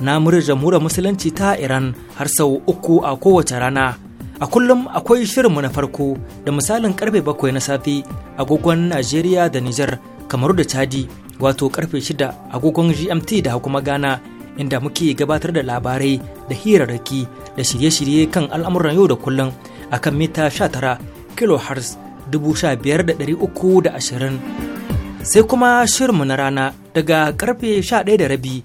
na murin jamhuriyar musulunci ta Iran har sau uku a kowace rana. A kullum akwai shirinmu na farko da misalin karfe bakwai na safe agogon Najeriya da Nijar kamaru da Chadi wato karfe shida agogon GMT da kuma Ghana inda muke gabatar da labarai da hirarraki da shirye-shirye kan al'amuran yau da kullum a kan mita sha tara dubu da uku da ashirin, sai kuma shirinmu na rana daga karfe ɗaya da rabi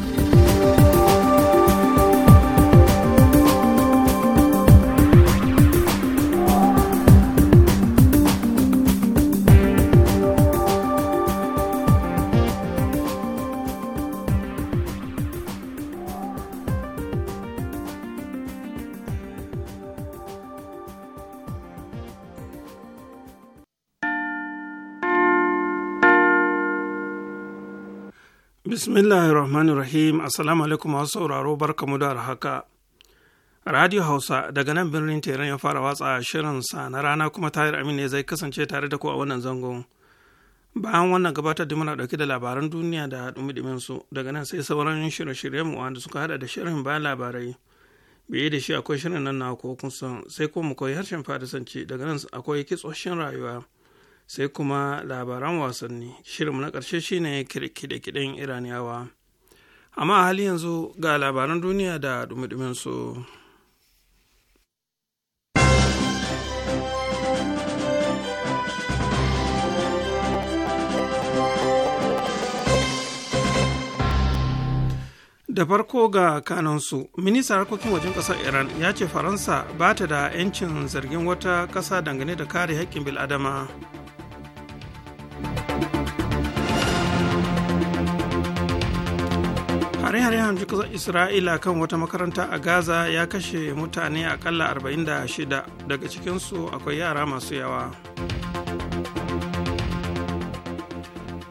bismillahirrahmanirrahim rahim assalamu alaikum masu sauraro barka mu da haka radio hausa daga nan birnin teran ya fara watsa shirinsa na rana kuma tayar amin ne zai kasance tare da ku a wannan zangon bayan wannan gabatar da muna dauke da labaran duniya da dumi su daga nan sai sauran shirye-shiryen mu wanda suka hada da shirin ba labarai biye da shi akwai shirin nan na ko sai kuma mu koyi harshen farisanci daga nan akwai kitsoshin rayuwa sai kuma labaran wasanni shirin na ƙarshe shine kiɗe kiden iraniyawa amma a hali yanzu ga labaran duniya da dumi su. da farko ga kanansu ministan harkokin wajen kasar iran ya ce faransa ba ta da 'yancin zargin wata kasa dangane da kare haƙƙin bil'adama. hare haren jikin isra'ila kan wata makaranta a gaza ya kashe mutane akalla 46 daga cikinsu akwai yara masu yawa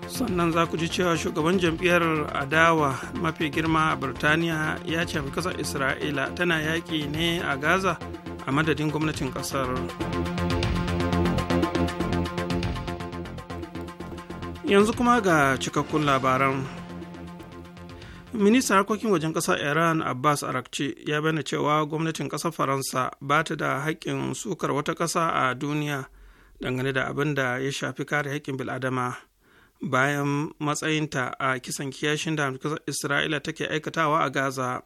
sannan za ku ji cewa shugaban jam'iyyar adawa mafi girma a birtaniya ya ce kasar isra'ila tana yaƙi ne a gaza a madadin gwamnatin ƙasar yanzu kuma ga cikakkun labaran ministan harkokin wajen ƙasar iran abbas arakci ya bayyana cewa gwamnatin ƙasar faransa ba ta da haƙƙin sukar wata ƙasa a duniya dangane da abin da ya shafi kare haƙƙin bil'adama bayan matsayinta a kisan kiyashin da isra'ila take aikatawa a gaza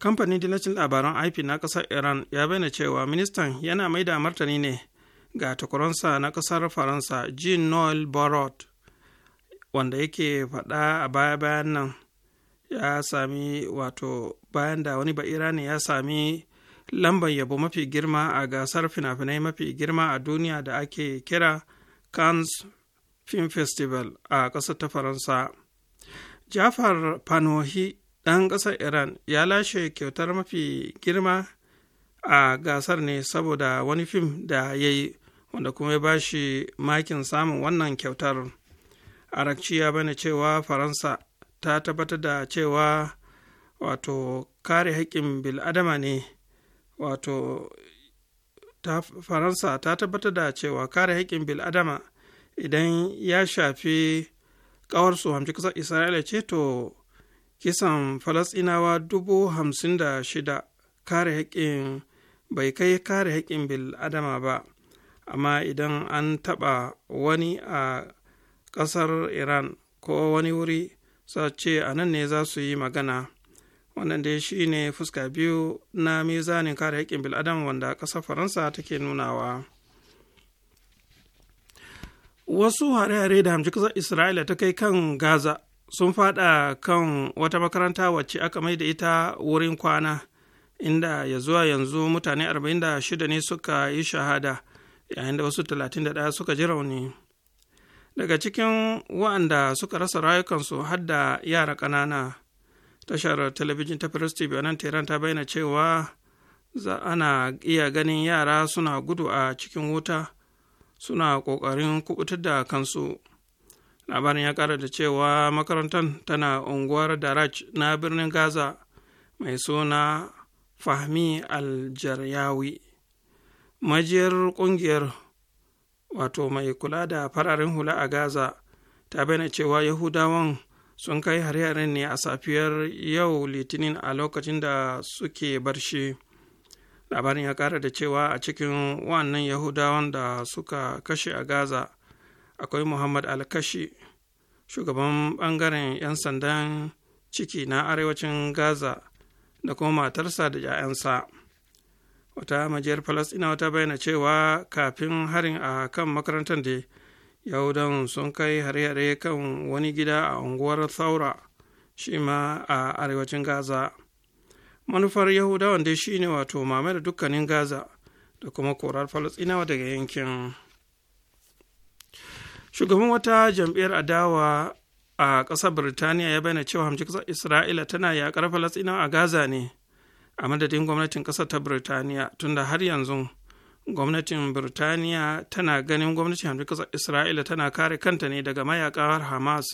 kamfanin dinacin labaran ip na ƙasar iran ya bayyana cewa ministan yana mai da martani ne ga takwaransa na ƙasar faransa jean noel barot wanda yake faɗa a baya-bayan nan ya sami wato bayan da wani ba'ira ne ya sami lambar yabo mafi girma a gasar fina-finai mafi girma a duniya da ake kira Cannes Film Festival a ƙasar ta Faransa. Jafar Panohi ɗan ƙasar Iran ya lashe kyautar mafi girma a gasar ne saboda wani fim da ya yi wanda kuma ya ba shi makin samun wannan kyautar. Arakci ya bane cewa Faransa ta tabbatar da cewa wato kare haƙƙin bil'adama ne wato ta faransa ta tabbatar da cewa kare haƙƙin bil'adama idan ya shafi kawar su hamci kasar isra'ila ce to kisan falasinawa dubu hamsin da shida kare haƙƙin bai kai kare haƙƙin bil'adama ba amma idan an taɓa wani a ƙasar iran ko wani wuri sa ce a nan ne za su yi magana wannan dai shi ne fuska biyu na mizanin kare haƙƙin bil'adam wanda ƙasar faransa take nunawa wasu hare-hare da hamshi ƙasar isra'ila ta kai kan gaza sun fada kan wata makaranta wacce aka mai da ita wurin kwana inda ya zuwa yanzu mutane 46 ne suka yi shahada yayin da wasu 31 suka ji rauni daga cikin waɗanda suka rasa rayukansu har da yara ƙanana tashar talabijin ta firis tv nan tehran ta bayyana cewa za ana iya ganin yara suna gudu a cikin wuta suna ƙoƙarin kubutar da kansu labarin ya ƙara da cewa makarantar tana unguwar daraj na birnin gaza mai suna fahmi aljaryawi majiyar ƙungiyar wato mai kula da fararen hula a gaza ta bayyana cewa yahudawan sun kai hare ne a safiyar yau litinin a lokacin da suke barshi labarin ya kara da cewa a cikin wannan yahudawan da suka kashe a gaza akwai muhammad alkashi shugaban bangaren 'yan sandan ciki na arewacin gaza da kuma matarsa da 'ya'yansa. wata majiyar falastinawa ta bayyana cewa kafin harin a kan makarantar da yahudan sun kai hare-hare kan wani gida a unguwar thaura shi ma a arewacin gaza manufar yahudawan dai shine wato mame da dukkanin gaza da kuma korar Falasɗinawa daga yankin shugaban wata jam'iyyar adawa a ƙasar birtaniya ya bayyana cewa hamshi ƙasar isra'ila tana yaƙar Falasɗinawa a gaza ne a madadin gwamnatin ƙasar ta birtaniya tunda har yanzu gwamnatin birtaniya tana ganin gwamnatin hamdu ƙasar isra'ila tana kare kanta ne daga mayakawar hamas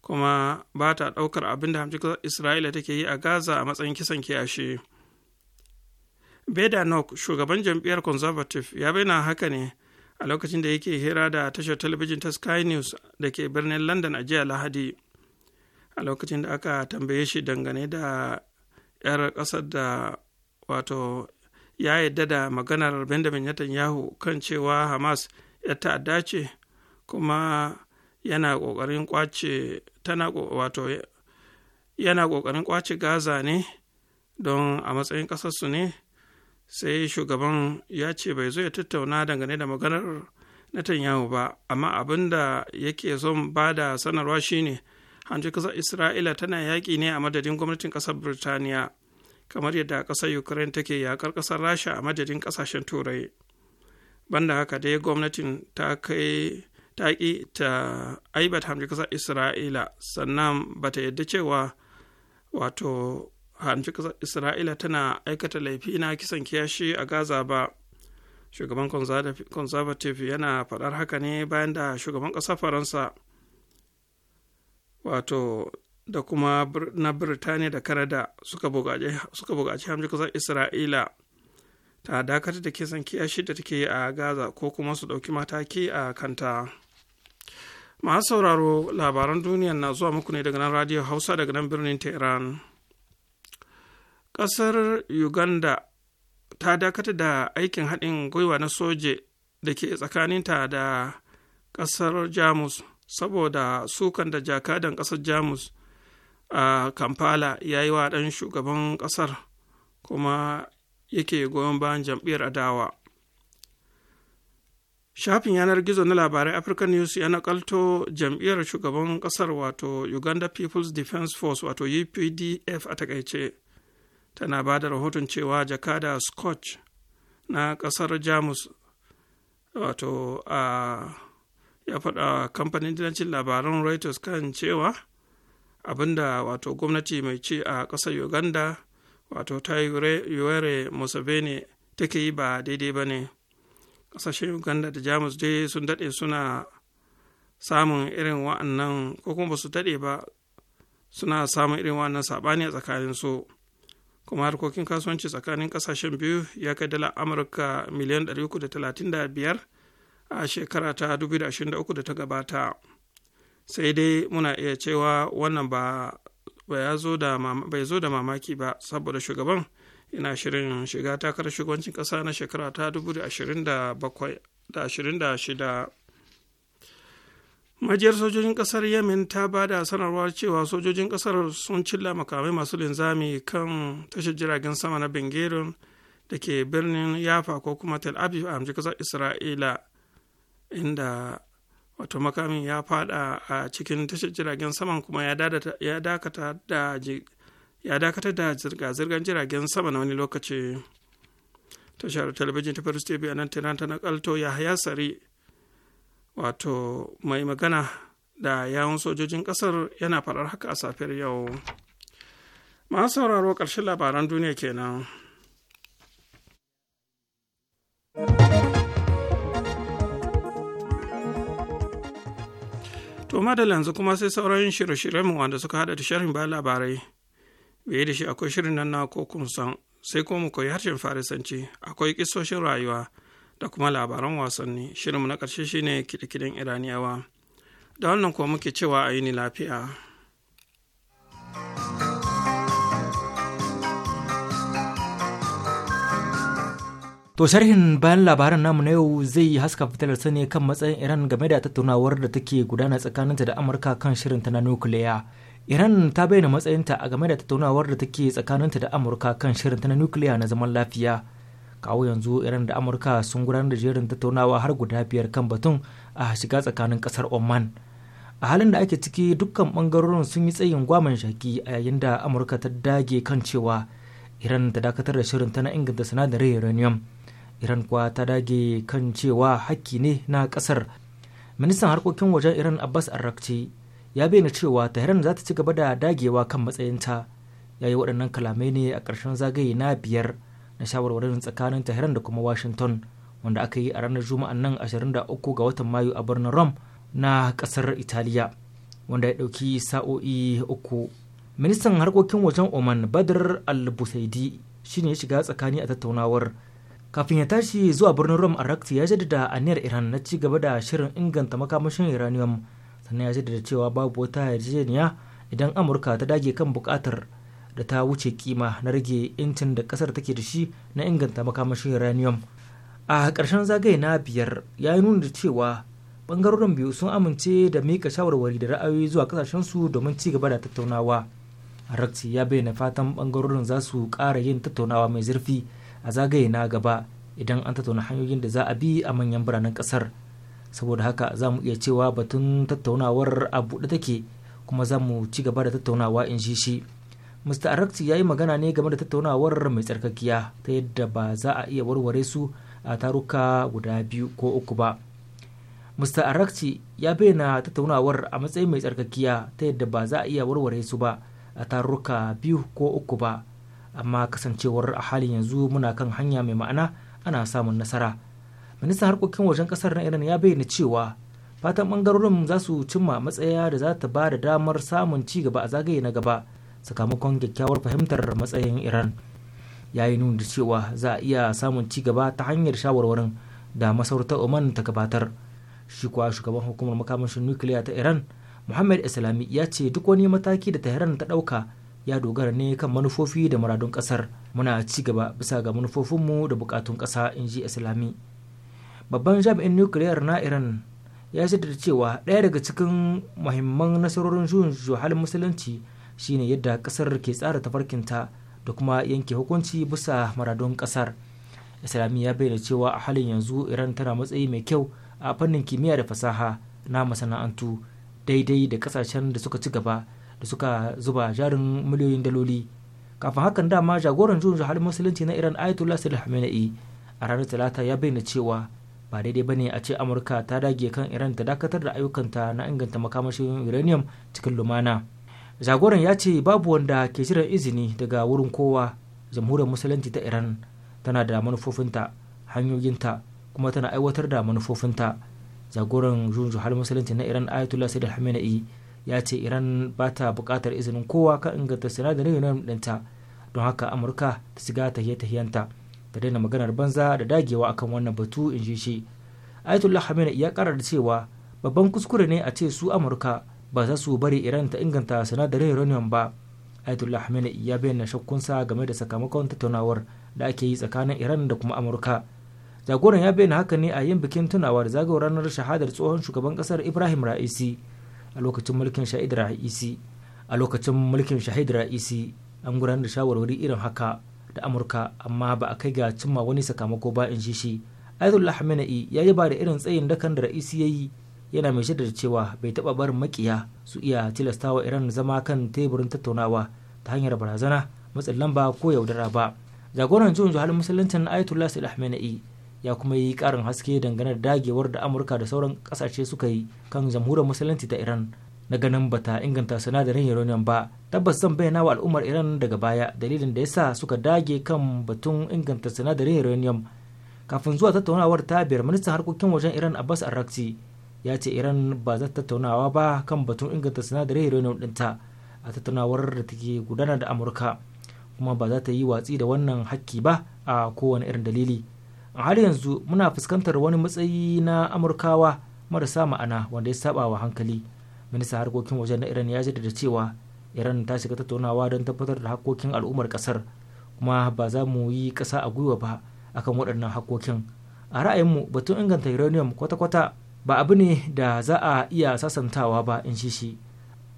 kuma ba ta ɗaukar abin da hamdu ƙasar isra'ila take yi a gaza a matsayin kisan kiyashe beda nok shugaban jam'iyyar conservative ya bayyana haka ne a lokacin da yake hira da tashar talabijin ta sky news da ke birnin london a jiya lahadi a lokacin da aka tambaye shi dangane da 'yar ƙasar da wato ya yadda da maganar benjamin netanyahu kan cewa hamas ya ta'adda ce kuma yana ƙoƙarin kwace tana wato yana ƙoƙarin kwace gaza ne don a matsayin ƙasarsu ne sai shugaban ya ce bai zo ya tattauna dangane da maganar Netanyahu ba, amma abin da yake son bada sanarwa shine ji kasar isra'ila tana yaƙi ne a madadin gwamnatin ƙasar birtaniya kamar yadda ƙasar ukraine take yaƙar ƙasar rasha a madadin ƙasashen turai banda haka dai gwamnatin ta kai ta ƙi ta aibat hanji ƙasar isra'ila sannan ba ta yadda cewa wato hanji ƙasar isra'ila tana aikata laifi na kisan kiyashi a gaza ba shugaban conservative yana faɗar haka ne bayan da shugaban ƙasar faransa wato da kuma na birtaniya da kanada suka buƙaci hamji kusan isra'ila ta dakatar da kisan kiyashi da take a gaza ko kuma su ɗauki mataki a kanta masu sauraro labaran duniya na zuwa muku ne daga nan radio hausa daga nan birnin tehran ƙasar uganda ta dakatar da aikin haɗin gwiwa na soje da ke tsakaninta da ƙasar jamus saboda sukan da jakadan ƙasar jamus a kampala ya yi wa ɗan shugaban ƙasar kuma yake goyon bayan jam'iyyar adawa shafin yanar gizo na labarai african news ya nakalto jam'iyyar shugaban ƙasar wato uganda people's defense force wato updf a takaice tana ba da rahoton cewa jakada scotch na ƙasar jamus wato a ya faɗa kamfanin dinancin labaran reuters kan cewa abinda wato gwamnati mai ci a ƙasar uganda wato ta yoweri museveni take yi ba daidai ba ne ƙasashen uganda da jamus dai sun daɗe suna samun irin wa'annan ko kuma ba su daɗe ba suna samun irin wa'annan saɓani a tsakanin su kuma harkokin kasuwanci tsakanin ƙasashen biyu ya kai dala amurka miliyan 335 a shekara ta 2023 da ta gabata sai dai muna iya cewa wannan ba bai zo da mamaki ba saboda shugaban ina shirin shiga takarar shugabancin ƙasa na shekara ta 2026 majiyar sojojin kasar yamin ta ba da sanarwa cewa sojojin kasar sun cilla makamai masu linzami kan tashar jiragen sama na bengerin da ke birnin yafa ko kuma tel aviv a hamji ƙasar isra'ila inda wato makamin ya fada a cikin tashar jiragen saman kuma ya dakatar da zirga-zirgar jiragen sama na wani lokaci tashar talabijin ta first tv a nan tiran ta nakalto ya haya sari wato mai magana da yawon sojojin kasar yana faɗar haka a safiyar yau masu sauraro ƙarshen labaran duniya kenan. to da yanzu kuma sai sauran shirye-shiryenmu wanda suka hada da sharhin bayan labarai biye da shi akwai shirin nan na kun san sai ko mu koyi harshen farisanci akwai kisoshin rayuwa da kuma labaran wasanni shirinmu na ƙarshe shine kiɗe-kiɗen iraniyawa da wannan kuwa muke cewa a yi ni lafiya To sharhin bayan labaran namu na yau zai haska fitilar sani kan matsayin Iran game da tattaunawar da take gudana tsakaninta da Amurka kan shirin ta na nukiliya. Iran ta bayyana matsayinta a game da tattaunawar da take tsakaninta da Amurka kan shirin ta na nukiliya na zaman lafiya. Kawo yanzu Iran da Amurka sun gudanar da jerin tattaunawa har guda biyar kan batun a shiga tsakanin kasar Oman. A halin da ake ciki dukkan bangarorin sun yi tsayin gwaman shaki a yayin da Amurka ta dage kan cewa Iran ta dakatar da shirin ta na inganta sinadarin uranium. iran kuwa ta dage kan cewa hakki ne na kasar ministan harkokin wajen iran abbas arrakci ya bayyana cewa tehran za ta ci gaba da dagewa kan matsayinta ya yi waɗannan kalamai ne a ƙarshen zagaye na biyar na shawarwarin tsakanin tehran da kuma washington wanda aka yi a ranar juma'an nan 23 ga watan mayu a birnin rome na ƙasar italiya wanda ya ɗauki sa'o'i uku ministan harkokin wajen oman badr al-busaidi shine ya shiga tsakani a tattaunawar kafin ya tashi zuwa birnin rome arakti ya jaddada aniyar iran na ci gaba da shirin inganta makamashin iranium sannan ya jaddada cewa babu wata yarjejeniya idan amurka ta dage kan bukatar da ta wuce kima na rage incin da kasar take da shi na inganta makamashin iranium a ƙarshen zagaye na biyar ya yi nuna da cewa bangarorin biyu sun amince da mika shawarwari da ra'ayoyi zuwa su domin ci gaba da tattaunawa arakti ya bayyana fatan bangarorin za su ƙara yin tattaunawa mai zurfi a zagaye na gaba idan an tattauna hanyoyin da za a bi a manyan biranen kasar saboda haka za mu iya cewa batun tattaunawar a buɗe take kuma za mu ci gaba da tattaunawa in shi shi mr arakti ya yi magana ne game da tattaunawar mai tsarkakiya ta yadda ba za a iya warware su a taruka guda biyu ko uku ba mr arakti ya bayyana tattaunawar a matsayin mai tsarkakiya ta yadda ba za a iya warware su ba a taruka biyu ko uku ba amma kasancewar a halin yanzu muna kan hanya mai ma'ana ana samun nasara ministan harkokin wajen kasar na iran ya bayyana cewa fatan bangarorin za su cimma matsaya da za ta ba da damar samun ci gaba a zagaye na gaba sakamakon kyakkyawar fahimtar matsayin iran ya yi nuni da cewa za a iya samun ci gaba ta hanyar shawarwarin da masarauta oman ta gabatar shi kuwa shugaban hukumar makamashin nukiliya ta iran muhammad islami ya ce duk wani mataki da tehran ta ɗauka ya dogara ne kan manufofi da muradun kasar muna ci gaba bisa ga manufofinmu da bukatun kasa in ji islami babban jami'in nukiliyar na iran ya shaidar cewa ɗaya daga cikin muhimman nasarorin juyin halin musulunci shine yadda kasar ke tsara tafarkinta da kuma yanke hukunci bisa maradun kasar islami ya bayyana cewa a halin yanzu iran tana matsayi mai kyau a fannin kimiyya da fasaha na masana'antu daidai da kasashen da suka ci gaba da suka zuba jarin miliyoyin daloli kafin hakan dama jagoran juyin jihar musulunci na iran ayatollah sali hamenei a ranar talata ya bayyana cewa ba daidai ne a ce amurka ta dage kan iran ta dakatar da ayyukanta na inganta makamashin uranium cikin lumana jagoran ya ce babu wanda ke jiran izini daga wurin kowa jamhuriyar musulunci ta iran tana da manufofinta hanyoyinta kuma tana aiwatar da manufofinta jagoran juyin musulunci na iran ayatollah sayyid hamenei ya ce iran ba ta bukatar izinin kowa ka inganta sinadarin uranium ɗinta don haka amurka ta shiga tahiye-tahiyenta ta daina maganar banza da dagewa akan wannan batu in ji shi ayatollah khamenei ya karar da cewa babban kuskure ne a ce su amurka ba za su bari iran ta inganta sinadarin uranium ba ayatollah khamenei ya bayyana shakkunsa game da sakamakon tattaunawar da ake yi tsakanin iran da kuma amurka jagoran ya bayyana haka ne a yin bikin tunawa da zagawar ranar shahadar tsohon shugaban kasar ibrahim ra'isi a lokacin mulkin sha'id ra'isi a lokacin mulkin shahid ra'isi an gudanar da shawarwari irin haka da amurka amma ba a kai ga cimma wani sakamako ba in shi shi ayatollah khamenei ya yi ba da irin tsayin dakan da ra'isi ya yi yana mai shaidar cewa bai taɓa barin makiya su iya tilastawa iran zama kan teburin tattaunawa ta hanyar barazana matsin lamba ko yaudara ba jagoran juyin juhalin musuluncin ayatollah sa'id ya kuma yi karin haske dangane da dagewar da amurka da sauran kasashe suka yi kan jamhuriyar musulunci ta iran na ganin bata inganta sinadarin uranium ba tabbas zan bayyana wa al'ummar iran daga baya dalilin da yasa suka dage kan batun inganta sinadarin uranium kafin zuwa tattaunawar ta biyar ministan harkokin wajen iran abbas arrakci ya ce iran ba za ta tattaunawa ba kan batun inganta sinadarin uranium dinta a tattaunawar da take gudana da amurka kuma ba za ta yi watsi da wannan hakki ba a kowane irin dalili a har yanzu muna fuskantar wani matsayi na amurkawa marasa ma'ana wanda ya saba wa hankali minista harkokin waje na iran ya jaddada cewa iran ta shiga tattaunawa don tabbatar da hakkokin al'ummar kasar kuma ba za mu yi kasa a gwiwa ba akan waɗannan hakkokin a ra'ayinmu batun inganta uranium kwata-kwata ba abu ne da za a iya sasantawa ba in shi shi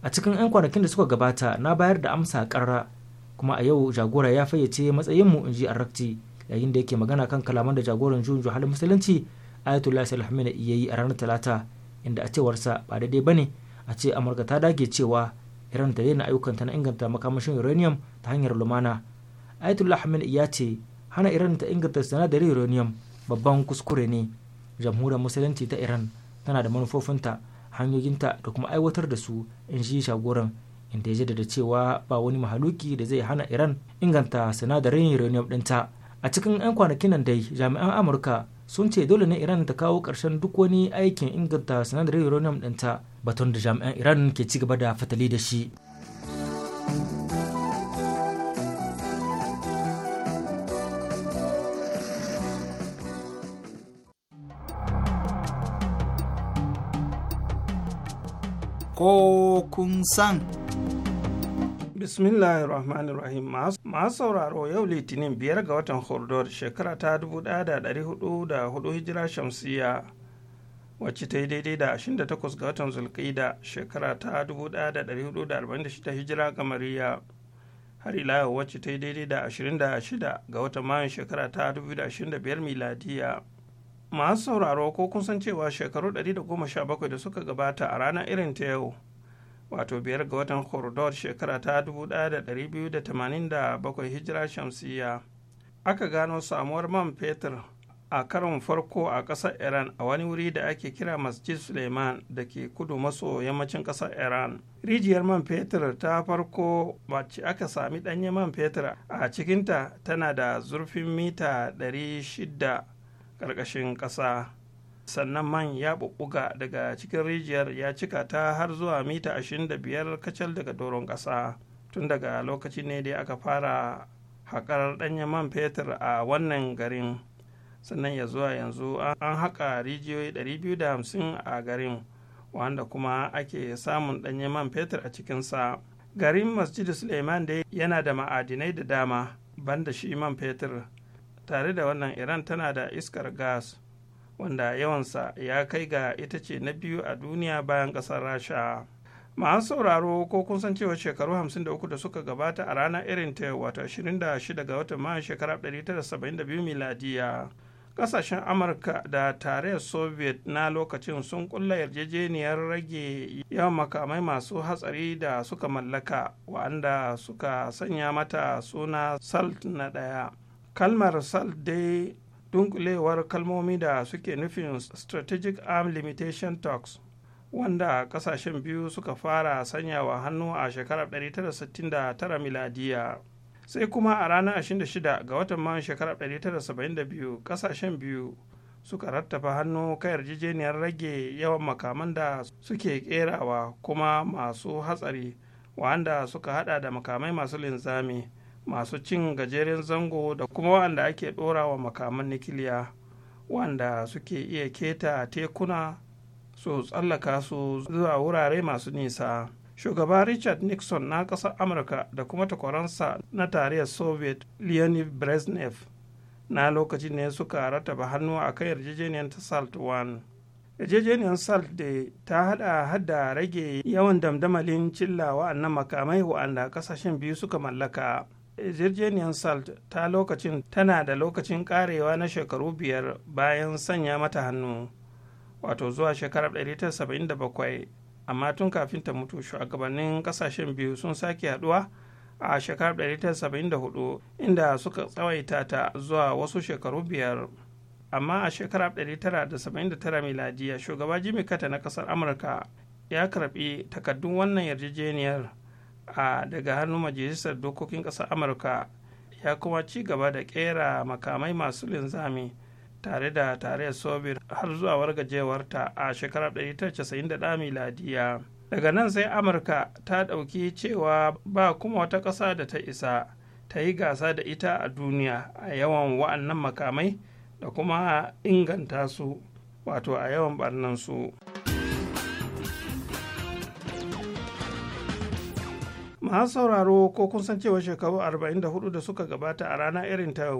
a cikin 'yan kwanakin da suka gabata na bayar da amsa karra kuma a yau jagora ya fayyace matsayinmu in ji arakti yayin da yake magana kan kalaman da jagoran juyin juhalin musulunci ayatollah sai alhamina iya yi a ranar talata inda a cewarsa ba daidai ba ne a ce amurka ta dage cewa iran ta daina ayyukanta na inganta makamashin uranium ta hanyar lumana ayatollah hamina iya ce hana iran ta inganta sinadarin uranium babban kuskure ne jamhuriyar musulunci ta iran tana da manufofinta hanyoyinta da kuma aiwatar da su in shi shagoran inda ya jaddada cewa ba wani mahaluki da zai hana iran inganta sinadarin uranium ɗinta a cikin 'yan kwanakin nan dai jami'an amurka sun ce dole ne iran ta kawo ƙarshen duk wani aikin inganta sinadarin uranium ɗinta batun da jami'an iran ke ci gaba da fatali da shi ko kun san bismillahir masu sauraro yau litinin biyar ga watan hordor shekara ta dubu da da hudu hudu hijira shamsiya wacce ta yi daidai da ashirin da takwas ga watan zulkaida shekara ta dubu da da da hudu shida hijira kamariya har ila wacce ta yi daidai da ashirin da shida ga watan mayun shekara ta dubu ashirin da biyar miladiya masu sauraro ko kun san cewa shekaru da goma sha bakwai da suka gabata a ranar irin ta yau wato biyar ga watan hordor shekara ta 1287 hijira shamsiya aka gano samuwar man fetur a karon farko a ƙasar iran a wani wuri da ake kira masjid suleiman da ke kudu maso yammacin ƙasar iran rijiyar man fetur ta farko wacce aka sami ɗanye man fetur a cikinta tana da zurfin mita 600 ƙarƙashin ƙasa sannan man ya bubbuga daga cikin rijiyar ya cika ta har zuwa mita 25 kacal daga doron ƙasa tun daga lokacin ne dai aka fara haƙar ɗanyen man fetur a wannan garin sannan ya zuwa yanzu an haƙa rijiyoyi 250 a garin wanda kuma ake samun ɗanyen man fetur a cikinsa garin masjid suleiman dai yana da ma'adinai da dama banda shi man fetur tare da wannan iran tana da iskar gas wanda yawansa ya kai ga ita ce na biyu a duniya bayan ƙasar rasha masu sauraro ko kun san cewa shekaru 53 da suka gabata a ranar irin ta wato 26 ga watan mayan shekara 1972 miladiya kasashen amurka da tarayyar soviet na lokacin sun kulla yarjejeniyar rage yawan makamai masu hatsari da suka mallaka wa'anda suka sanya mata suna salt na daya kalmar salt dai dunkulewar kalmomi da suke nufin strategic arm limitation talks wanda kasashen biyu suka fara sanyawa hannu a shekarar 1969 miladiya sai kuma a ranar 26 ga watan man shekarar 1972 kasashen biyu suka rattafa hannu kan yarjejeniyar rage yawan makaman da suke kerawa kuma masu hatsari wanda suka hada da makamai masu linzami masu cin gajeren zango da kuma wanda ake ɗorawa makaman nikiliya wanda suke iya keta tekuna su tsallaka su zuwa wurare masu nisa shugaba richard nixon na ƙasar amurka da kuma takwaransa na tarayyar soviet leonid brezhnev na lokacin ne suka rataba hannu a kan yarjejeniyar ta salt 1 yarjejeniyar salt da ta hada hada rage yawan damdamalin cillawa na makamai wa'anda kasashen biyu suka mallaka yarjejeniyar salt ta lokacin tana da lokacin karewa na shekaru biyar bayan sanya mata hannu wato zuwa shekarar 1977 amma tun kafin ta mutu shugabannin kasashen biyu sun sake haduwa a shekarar 1974 inda suka tsawaita ta zuwa wasu shekaru biyar amma a shekarar 1979 miladiya shugaba jimmy carter na kasar amurka ya karbi takaddun wannan yarjejeniyar a daga hannun majalisar dokokin ƙasar amurka ya kuma ci gaba da ƙera makamai masu linzami tare da tarayyar soviet har zuwa wargajewarta a shekarar 1991 miladiya daga nan sai amurka ta ɗauki cewa ba kuma wata ƙasa da ta isa ta yi gasa da ita a duniya a yawan wa'annan makamai da kuma inganta su wato a yawan barnan su. masu sauraro ko kun san cewa shekaru 44 da suka gabata a rana irin ta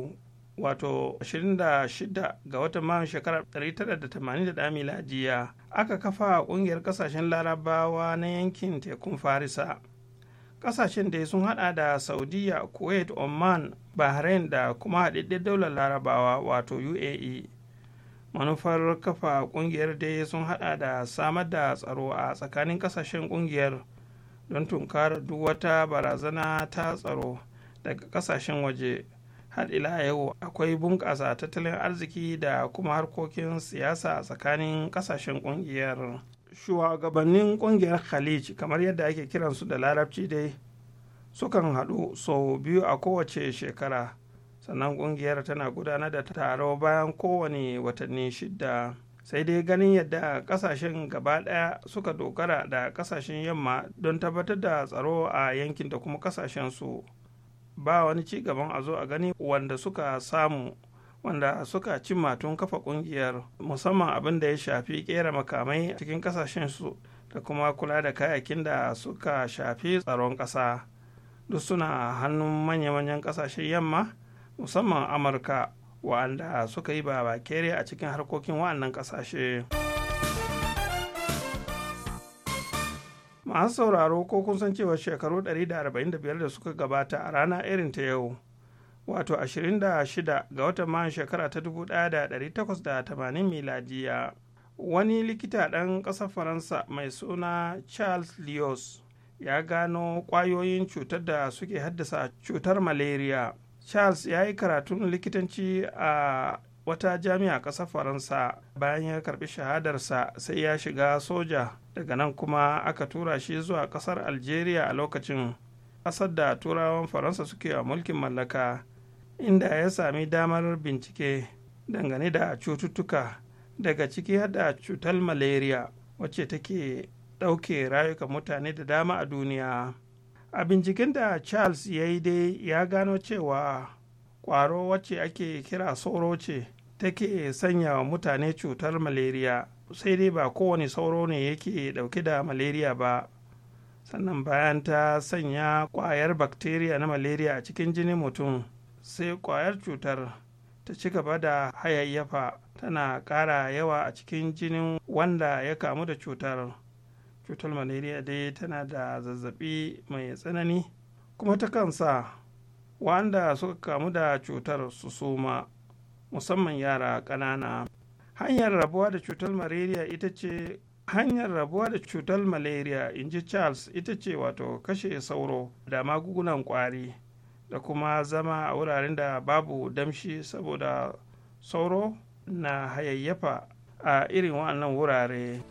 wato 26 ga watan mayun shekarar 1981 miladiya aka kafa kungiyar kasashen larabawa na yankin tekun farisa kasashen da sun hada da saudiya kuwait oman bahrain da kuma haɗaɗɗen daular larabawa wato uae manufar kafa kungiyar dai sun hada da samar da tsaro a tsakanin kasashen kungiyar don tunkarar duk wata barazana ta tsaro daga kasashen waje har ila yau akwai bunƙasa tattalin arziki da kuma harkokin siyasa a tsakanin kasashen ƙungiyar shugabannin ƙungiyar khalij kamar yadda ake kiransu da larabci dai sukan haɗu sau biyu a kowace shekara sannan ƙungiyar tana gudanar da taro bayan kowane watanni shidda. sai dai ganin yadda kasashen gaba ɗaya suka dogara da kasashen yamma don tabbatar da tsaro a yankin da kuma kasashen su ba wani ci gaban a zo a gani wanda suka samu wanda suka ci matun kafa kungiyar musamman abin da ya shafi kera makamai cikin kasashen su da kuma kula da kayakin da suka shafi tsaron kasa duk suna hannun manya-manyan kasashen yamma musamman amurka wa'anda suka yi kere a cikin harkokin wa'annan ƙasashe. masu sauraro ko kun san cewa shekaru 145 da suka gabata a rana irin ta yau wato 26 ga watan mayan shekara ta 1880 miladiya wani likita ɗan ƙasar faransa mai suna charles lios ya gano ƙwayoyin cutar da suke haddasa cutar malaria charles ya yi karatun likitanci a wata jami'a ƙasar faransa bayan ya karbi shahadarsa sai ya shiga soja daga nan kuma aka tura shi zuwa ƙasar algeria a lokacin ƙasar da turawan faransa suke a mulkin mallaka inda ya sami damar bincike dangane da cututtuka daga ciki hada cutar malaria wacce take ɗauke rayuka mutane da dama a duniya a binciken da charles ya yi dai ya gano cewa ƙwaro wacce ake kira sauro ce take sanya wa mutane cutar malaria sai dai ba kowane sauro ne yake ɗauke da malaria ba sannan bayan ta sanya kwayar bakteriya na malaria a cikin jinin mutum sai kwayar cutar ta ci gaba da hayayyafa tana ƙara yawa a cikin jinin wanda ya kamu da cutar cutar malaria dai tana da zazzabi mai tsanani kuma ta kansa wanda suka kamu da cutar su suma musamman yara ƙanana hanyar rabuwa da cutar malaria ita ce hanyar rabuwa da cutar malaria in ji charles ita ce wato kashe sauro da magungunan kwari da kuma zama a wuraren da babu damshi saboda sauro na hayayyafa a irin waɗannan wurare.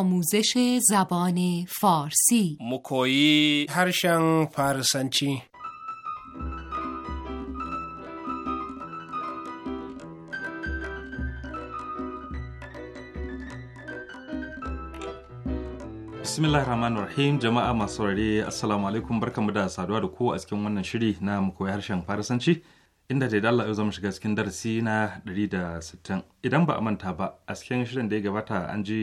آموزش زبان فارسی مکویی هرشن فارسنچی bismillah rahman rahim jama'a masu saurare assalamu alaikum barkamu da saduwa da ku a cikin wannan shiri na mu koyi harshen farisanci inda da Allah yau zama shiga cikin darasi na 160 idan ba a manta ba a cikin shirin da ya gabata an ji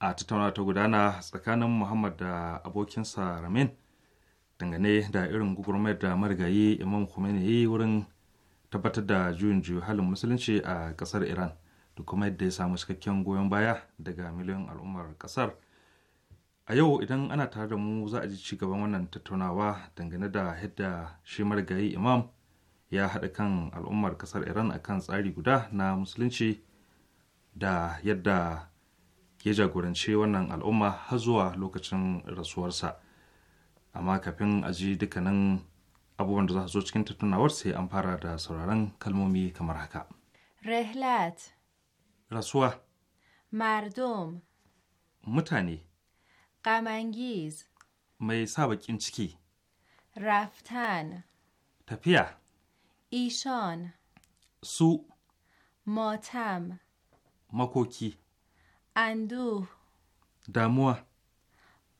a tattauna ta gudana tsakanin muhammad da abokinsa ramin dangane da irin gugurmar da marigayi imam khomeini ya yi wurin tabbatar da juyin juyi halin musulunci a kasar iran da kuma yadda ya samu cikakken goyon baya daga miliyan al'ummar kasar a yau idan ana tare da mu za a ji ci gaban wannan tattaunawa dangane da yadda shi marigayi imam ya haɗa kan al'ummar kasar iran akan tsari guda na musulunci da yadda ya jagoranci wannan al'umma har zuwa lokacin rasuwarsa amma kafin a ji dukkanin abubuwan da za su zo cikin tattunawar sai an fara da sauraron kalmomi kamar haka rehlat rasuwa mardom mutane kamangiz mai sa bakin ciki raftan tafiya ishan su motam makoki اندوه دموه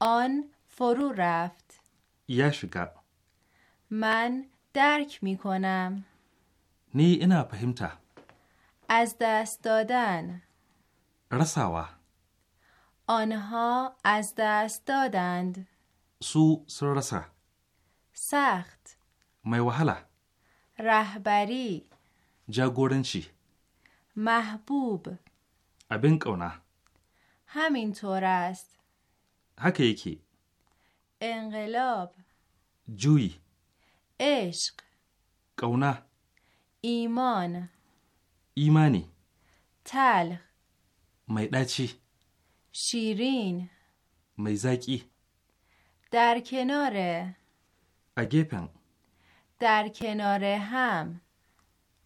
آن فرو رفت یشگا من درک می کنم نی اینا فهمتا از دست دادن رساوا آنها از دست دادند سو سرسا سخت mai wahala. Rahbari. Jagoranci. Mahbub. Abin ƙauna. همین طور است هک یکی انقلاب جوی عشق کونه ایمان ایمانی تلخ میدچی شیرین میزکی در کنار اگپن در کنار هم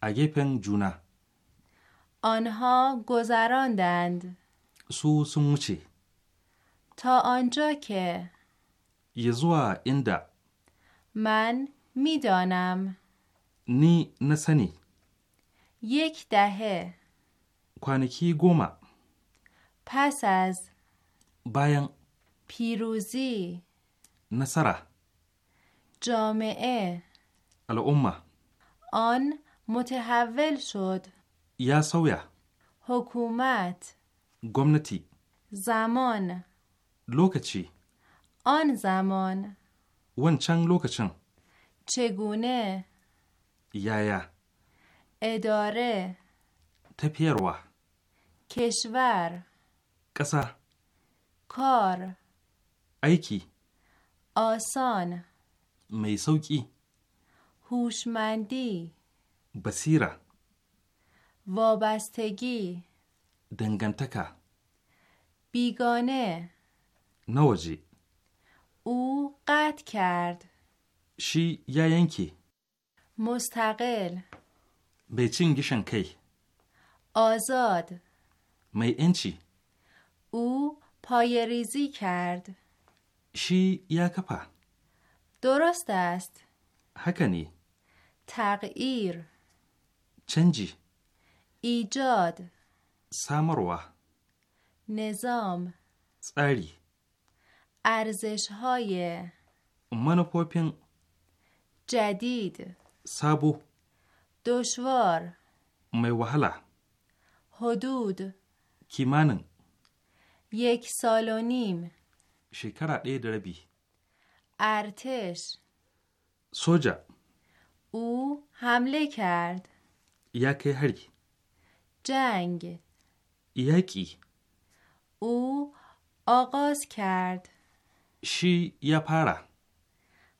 اگپن جونا. آنها گذراندند su sun wuce. Ta anja ke. Ya zuwa inda. Man midanam. Ni na sani. Yek dahe. Kwanaki goma. Pasaz. Bayan. Piruzi. Nasara. Jami'e. Al'umma. On متحول شد Ya sauya. Hukumat. gwamnati zamon lokaci on zamon wancan lokacin cegune yaya edore tafiyarwa keshwar ƙasa kor aiki oson mai sauƙi hushmandi basira wabastagi دنگنتکه بیگانه نوجی او قطع کرد شی یا ینکی مستقل به چین کی آزاد می انچی او پای ریزی کرد شی یا درست است هکنی تغییر چنجی ایجاد سامروا نظام ارزش‌های، ارزش های جدید سابو دشوار میوهلا حدود کیمانن یک سال و نیم شکر ده دربی ارتش سوجا او حمله کرد یک هری جنگ یکی او آغاز کرد شی یا پارا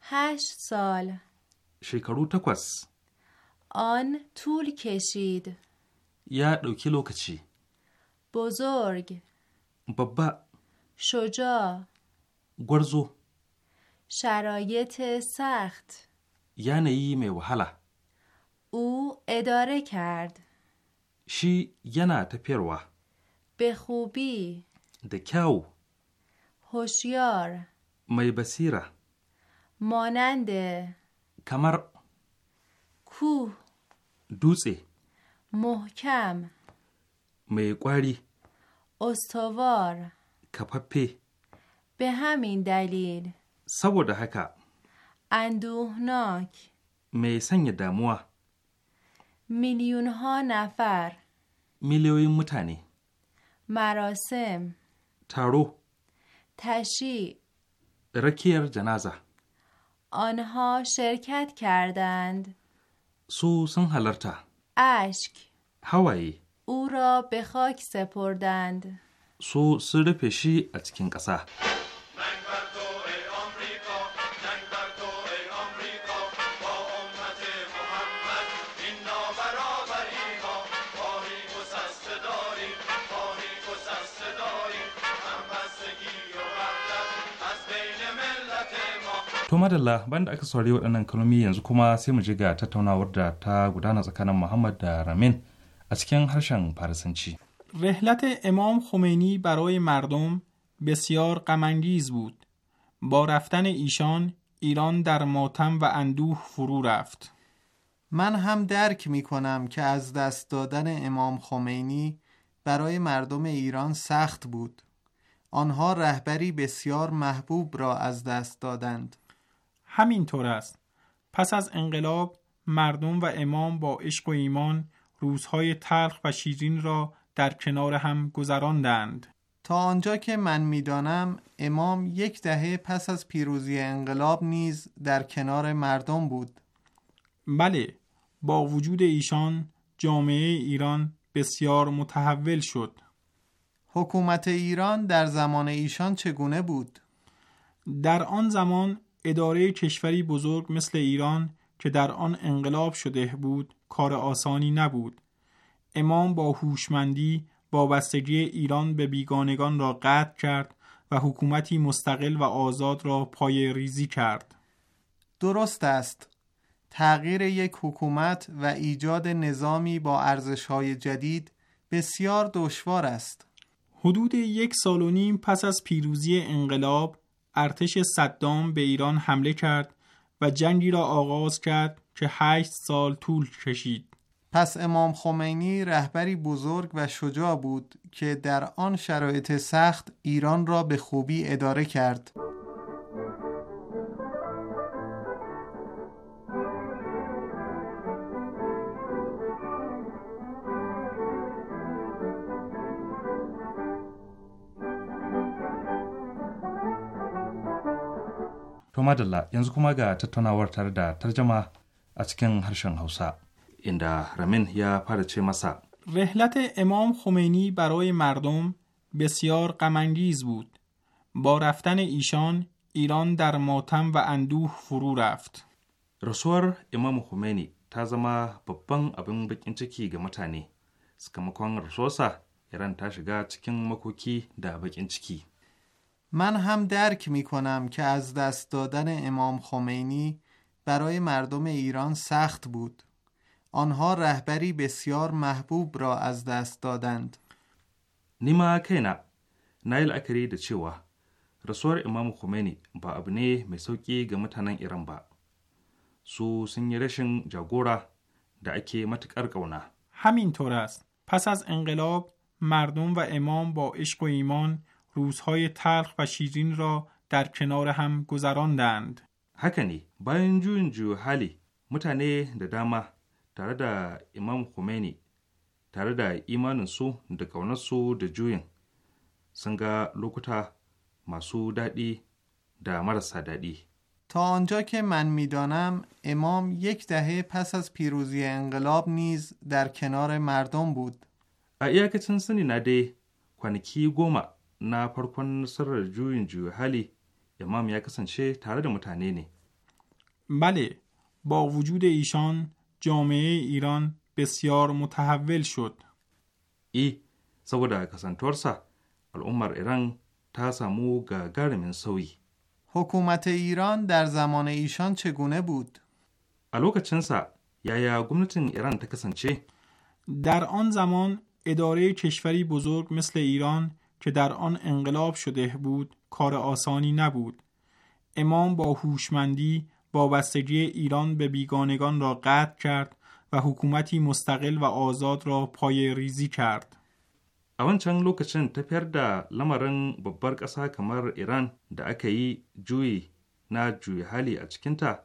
هشت سال شکرو تکوس آن طول کشید یا دوکی لوکچی بزرگ بابا شجاع گرزو شرایط سخت یعنی می وحلا او اداره کرد شی ینا تپیروه به خوبی دکاو هوشیار می بسیره مانند کمر کوه دوزه محکم می قواری استوار کپپی به همین دلیل ده هکا، اندوهناک می سنگ دموه میلیون ها نفر میلیون متنی مراسم تارو تشیع رکیر اره اره جنازه آنها شرکت کردند سو سن هلرتا اشک هوایی او را به خاک سپردند سو سر پشی اتکین قصه To madalla banda aka saurari waɗannan kalmomi yanzu kuma sai mu ji ga tattaunawar da امام خمینی برای مردم بسیار غمانگیز بود. با رفتن ایشان ایران در ماتم و اندوه فرو رفت. من هم درک می کنم که از دست دادن امام خمینی برای مردم ایران سخت بود. آنها رهبری بسیار محبوب را از دست دادند. همینطور است پس از انقلاب مردم و امام با عشق و ایمان روزهای تلخ و شیرین را در کنار هم گذراندند تا آنجا که من میدانم امام یک دهه پس از پیروزی انقلاب نیز در کنار مردم بود بله با وجود ایشان جامعه ایران بسیار متحول شد حکومت ایران در زمان ایشان چگونه بود؟ در آن زمان اداره کشوری بزرگ مثل ایران که در آن انقلاب شده بود کار آسانی نبود امام با هوشمندی وابستگی ایران به بیگانگان را قطع کرد و حکومتی مستقل و آزاد را پای ریزی کرد درست است تغییر یک حکومت و ایجاد نظامی با ارزشهای جدید بسیار دشوار است حدود یک سال و نیم پس از پیروزی انقلاب ارتش صدام به ایران حمله کرد و جنگی را آغاز کرد که هشت سال طول کشید پس امام خمینی رهبری بزرگ و شجاع بود که در آن شرایط سخت ایران را به خوبی اداره کرد To madalla yanzu kuma ga tattaunawar tare da tarjama a cikin harshen Hausa. Inda Ramin ya fara ce masa. Rehlate Imam خمینی برای Mardum بسیار غمانگیز بود. با رفتن ایشان ایران در ماتم و اندوه فرو رفت. ta zama babban abin bakin ciki ga mutane sakamakon rasuwarsa iran ta shiga cikin makoki da bakin ciki من هم درک می کنم که از دست دادن امام خمینی برای مردم ایران سخت بود آنها رهبری بسیار محبوب را از دست دادند نیما کینا نایل اکری د چوا رسور امام خمینی با abu ne ایران با. سو mutanen Iran ba su sun yi rashin jagora است پس از انقلاب مردم و امام با عشق و ایمان روزهای تلخ و شیرین را در کنار هم گذراندند. هکنی باین جون جو حالی متنه دداما، تره تاره دا امام خمینی تره دا ایمان سو ده کونه سو ده جوین سنگا لوکتا ماسو دادی دا مرسا دادی تا آنجا که من میدانم امام یک دهه پس از پیروزی انقلاب نیز در کنار مردم بود. ایا که چنسنی نده کنکی گومه na farkon nasarar juyin juya hali امام یا کسانچه تره متعنی نی بله با وجود ایشان جامعه ایران بسیار متحول شد ای سبودا کسانتورسا الامر ایران تا سامو گاگارمین سوی حکومت ایران در زمان ایشان چگونه بود؟ الوکا چنسا یا یا گمنتین ایران تا چه؟ در آن زمان اداره کشوری بزرگ مثل ایران که در آن انقلاب شده بود کار آسانی نبود امام با هوشمندی با وابستگی ایران به بیگانگان را قطع کرد و حکومتی مستقل و آزاد را پای ریزی کرد اون چند لوکشن تپر دا لمرن ببر قصا کمر ایران دا اکی جوی نا جوی حالی اچکنته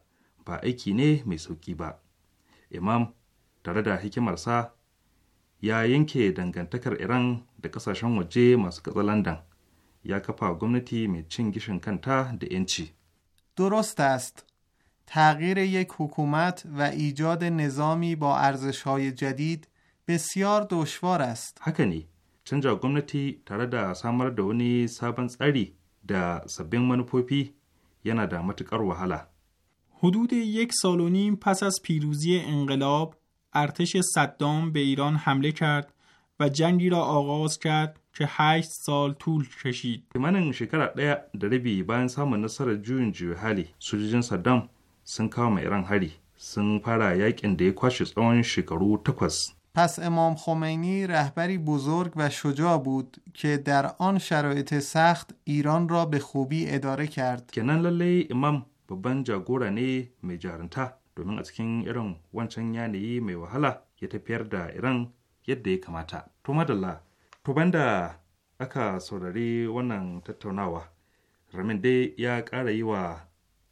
با ایکی نه می سوکی با امام تره دا مرسا یا ینکه دنگن تکر ایران da kasashen waje masu لندن. ya kafa gwamnati می cin gishin kanta da انچی. درست است. تغییر یک حکومت و ایجاد نظامی با ارزش های جدید بسیار دشوار است. حکنی، چند گمنتی تره دا سامر دونی سابن سری دا سبین منوپوپی ینا حدود یک سال و نیم پس از پیروزی انقلاب ارتش صدام به ایران حمله کرد و جنگی را آغاز کرد که هشت سال طول کشید. من این شکر دیا دربی باین سام نصر جون جو حالی سدام سن کام ایران حالی سن پرا یک انده آن شکرو تکوست. پس امام خمینی رهبری بزرگ و شجاع بود که در آن شرایط سخت ایران را به خوبی اداره کرد. که نلله امام بابن جاگورانی میجارنتا دومن از کن ایران وانچنگ یعنی میوحلا یه تپیر در ایران yadda ya kamata. To madalla, to banda aka saurari wannan tattaunawa, Ramin dai ya ƙara yi wa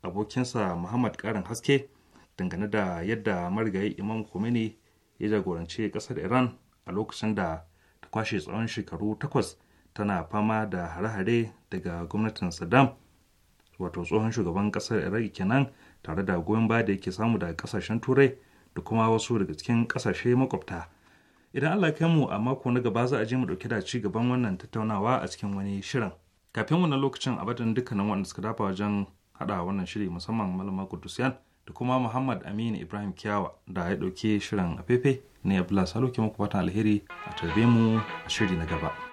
abokinsa Muhammad ƙarin haske dangane da yadda marigayi Imam Khomeini ya jagorance ƙasar Iran a lokacin da ta kwashe tsawon shekaru takwas tana fama da hare-hare daga gwamnatin Saddam, wato tsohon shugaban ƙasar iran kenan tare da goyon ba da yake samu daga ƙasashen Turai da kuma wasu daga cikin ƙasashe makwabta. idan allah kai mu a mako na gaba za a je mu dauke da ci gaban wannan tattaunawa a cikin wani shirin kafin wannan lokacin a batun dukkanin waɗanda suka dafa wajen haɗa wannan shiri musamman malama kudusiyan da kuma muhammad aminu ibrahim kiyawa da ya ɗauke shirin a fefe ne abdullahi salo ke muku fatan alheri a tarbe mu a shiri na gaba.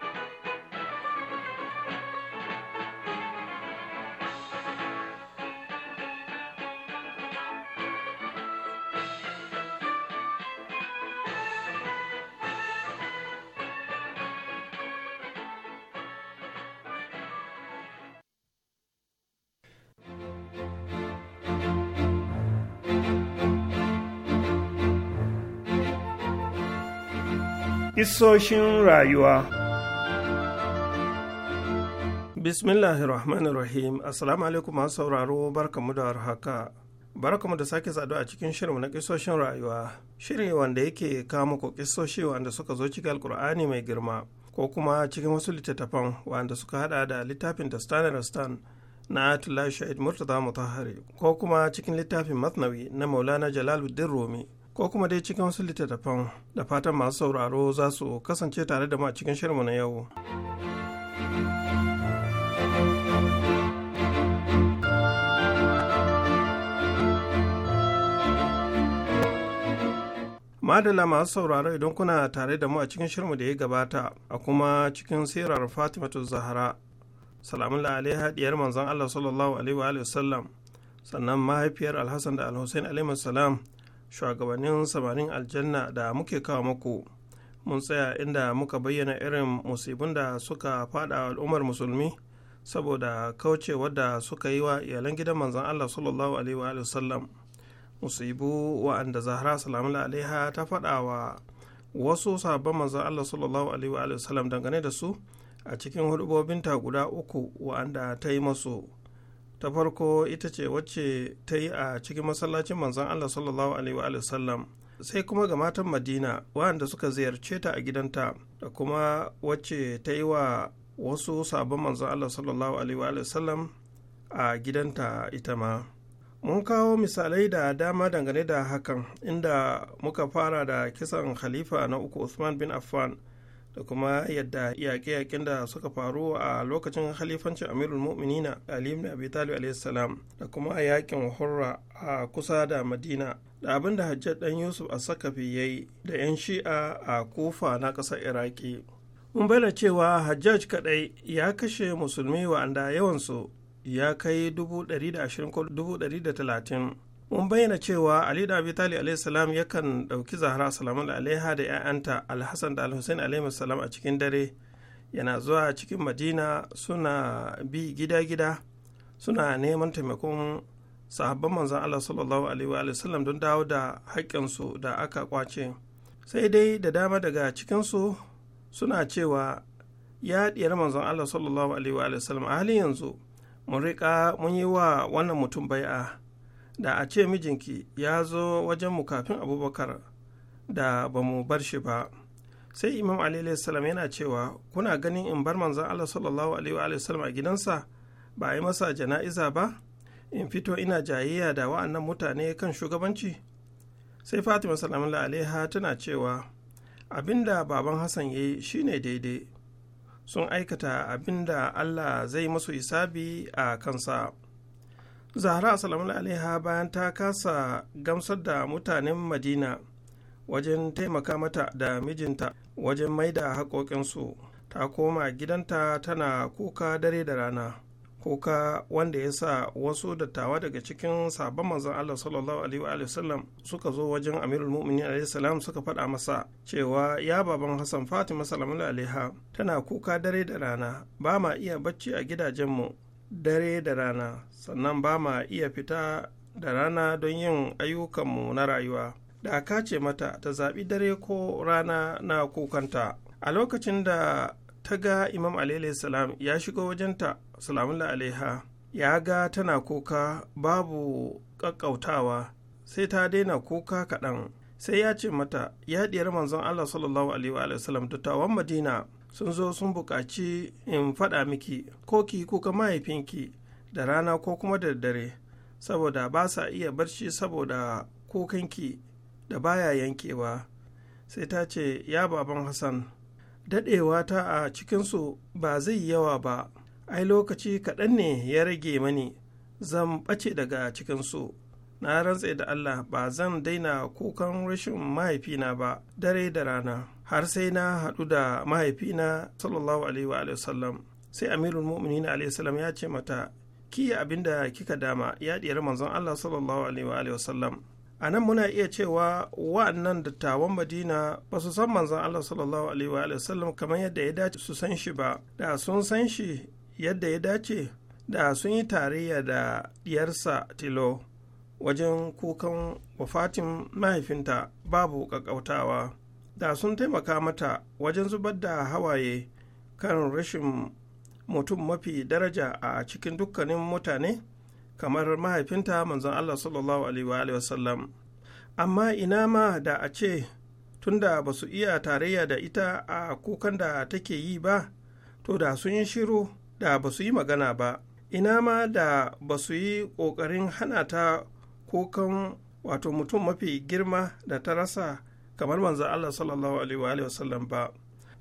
Kisoshin rayuwa Bismillahir Rahmanir Assalamu alaikum masu sauraro barkamu da haka. Barkamu da sake saduwa a cikin shirin na kisoshin rayuwa. Shiri wanda yake kawo muku kisoshi wanda suka zo cikin Alkur'ani mai girma ko kuma cikin wasu littattafan wanda suka hada da littafin da Stan na Atullah Shahid Murtaza Mutahari ko kuma cikin littafin Matnawi na Maulana Jalaluddin Rumi. ko kuma dai cikin wasu littattafan da fatan masu sauraro za su kasance tare da mu a cikin shirinmu na yau. Madala masu sauraro idan kuna tare da mu a cikin shirmu da ya gabata a kuma cikin sirar Fatimatu Zahara salamun alaiha diyar manzon Allah sallallahu alaihi wa sallam sannan mahaifiyar Alhassan da Alhussein alaihi salam shugabannin samarin aljanna da muke kawo muku mun tsaya inda muka bayyana irin musibin da suka fada al'ummar musulmi saboda kaucewa da suka yi wa iyalan gidan manzan Allah sallallahu alaihi wa sallam musibu wa'anda zahra salamu alaiha ta fada wa wasu sabon manzan Allah sallallahu alaihi wa sallam dangane da su a cikin hudubobinta guda uku wa'anda ta yi masu ta farko ita ce wacce ta yi a cikin masallacin manzon Allah sallallahu alaihi wa sallam sai kuma ga matan Madina waɗanda suka ziyarce ta a gidanta da kuma wacce ta yi wa wasu sabon manzon Allah sallallahu alaihi wa sallam a gidanta ita ma mun kawo misalai da dama dangane da hakan inda muka fara da kisan khalifa na uku Usman bin Affan da kuma yadda yaƙe-yaƙen da suka faru a lokacin halifancin amirul mu'minina ali ibn abi talib da kuma yaƙin hurra a kusa da madina da abin da hajjar dan yusuf a sakafi ya da 'yan shi'a a kufa na ƙasar iraki mun bayyana cewa hajjaj kaɗai ya kashe musulmi wa'anda yawansu ya kai talatin mun bayyana cewa ali da abitali talib yakan ɗauki zahra salamun alaiha da 'ya'yanta alhassan da alhussein alaihi a cikin dare yana zuwa cikin madina suna bi gida-gida suna neman taimakon sahabban manzan allah sallallahu alaihi wa sallam don dawo da haƙƙinsu da aka kwace sai dai da dama daga cikinsu suna cewa ya diyar manzon allah sallallahu alaihi wa sallam a halin yanzu mun riƙa mun yi wa wannan mutum bai'a da a ce mijinki ya zo wajenmu kafin abubakar da ba mu bar shi ba sai imam alaihi salam yana cewa kuna ganin in bar manzan allah sallallahu alaihi wa sallam a gidansa ba a yi masa jana'iza ba in fito ina jayayya da wa'annan mutane kan shugabanci sai fatima salamun alaiha tana cewa abinda baban hassan ya yi shine daidai sun aikata abinda allah zai masu hisabi a kansa zahra salamu alaiha bayan ta kasa gamsar da mutanen madina wajen taimaka mata da mijinta wajen maida haƙoƙinsu ta koma gidanta tana kuka dare da rana kuka wanda ya sa wasu dattawa daga cikin sabon manzon Allah sallallahu alaihi wa sallam suka zo wajen Amirul Mu'minin alaihi salam suka faɗa masa cewa ya baban Hassan Fatima sallallahu alaiha tana kuka dare da rana ba ma iya bacci a gidajenmu dare da rana sannan ba ma iya fita da rana don yin ayyukanmu na rayuwa da ka ce mata ta zaɓi dare ko rana na kukanta a lokacin da ta ga imam salam ya shiga wajenta salamunla alaiha ya ga tana kuka babu ƙaƙƙautawa sai ta daina kuka kaɗan sai ya ce mata ya diyar manzon allah sallallahu alaihi wa sallam dattawan madina sun zo sun buƙaci in faɗa miki ko ki kuka mahaifinki da rana ko kuma da dare saboda ba sa iya barci saboda kukanki da baya yankewa sai ta ce ya baban hassan daɗewa ta a cikinsu ba zai yawa ba ai lokaci kaɗan ne ya rage mani zan ɓace daga cikinsu na rantse da allah ba zan daina kukan rashin mahaifina ba dare da rana har sai na haɗu da mahaifina sallallahu alaihi wa sallam sai amirul mu'minin alaihi wasallam ya ce mata ki abin da kika dama ya diyar manzon Allah sallallahu alaihi wa sallam a nan muna iya cewa wa'annan dattawan madina ba su san manzon Allah sallallahu alaihi wa sallam kamar yadda ya dace su san shi ba da sun san shi yadda ya dace da sun yi tarayya da ɗiyarsa tilo wajen kukan wafatin mahaifinta babu ƙaƙƙautawa. da sun taimaka mata wajen zubar da hawaye kan rashin mutum mafi daraja a cikin dukkanin mutane kamar mahaifinta manzon Allah sallallahu alaihi wasallam amma ina ma da a ce tunda ba su iya tarayya da ita a kukan da take yi ba to da sun yi shiru da ba su yi magana ba ina ma da ba su yi ƙoƙarin hana ta kukan wato mutum mafi girma da ta rasa kamar manzan Allah sallallahu alaihi wasallam ba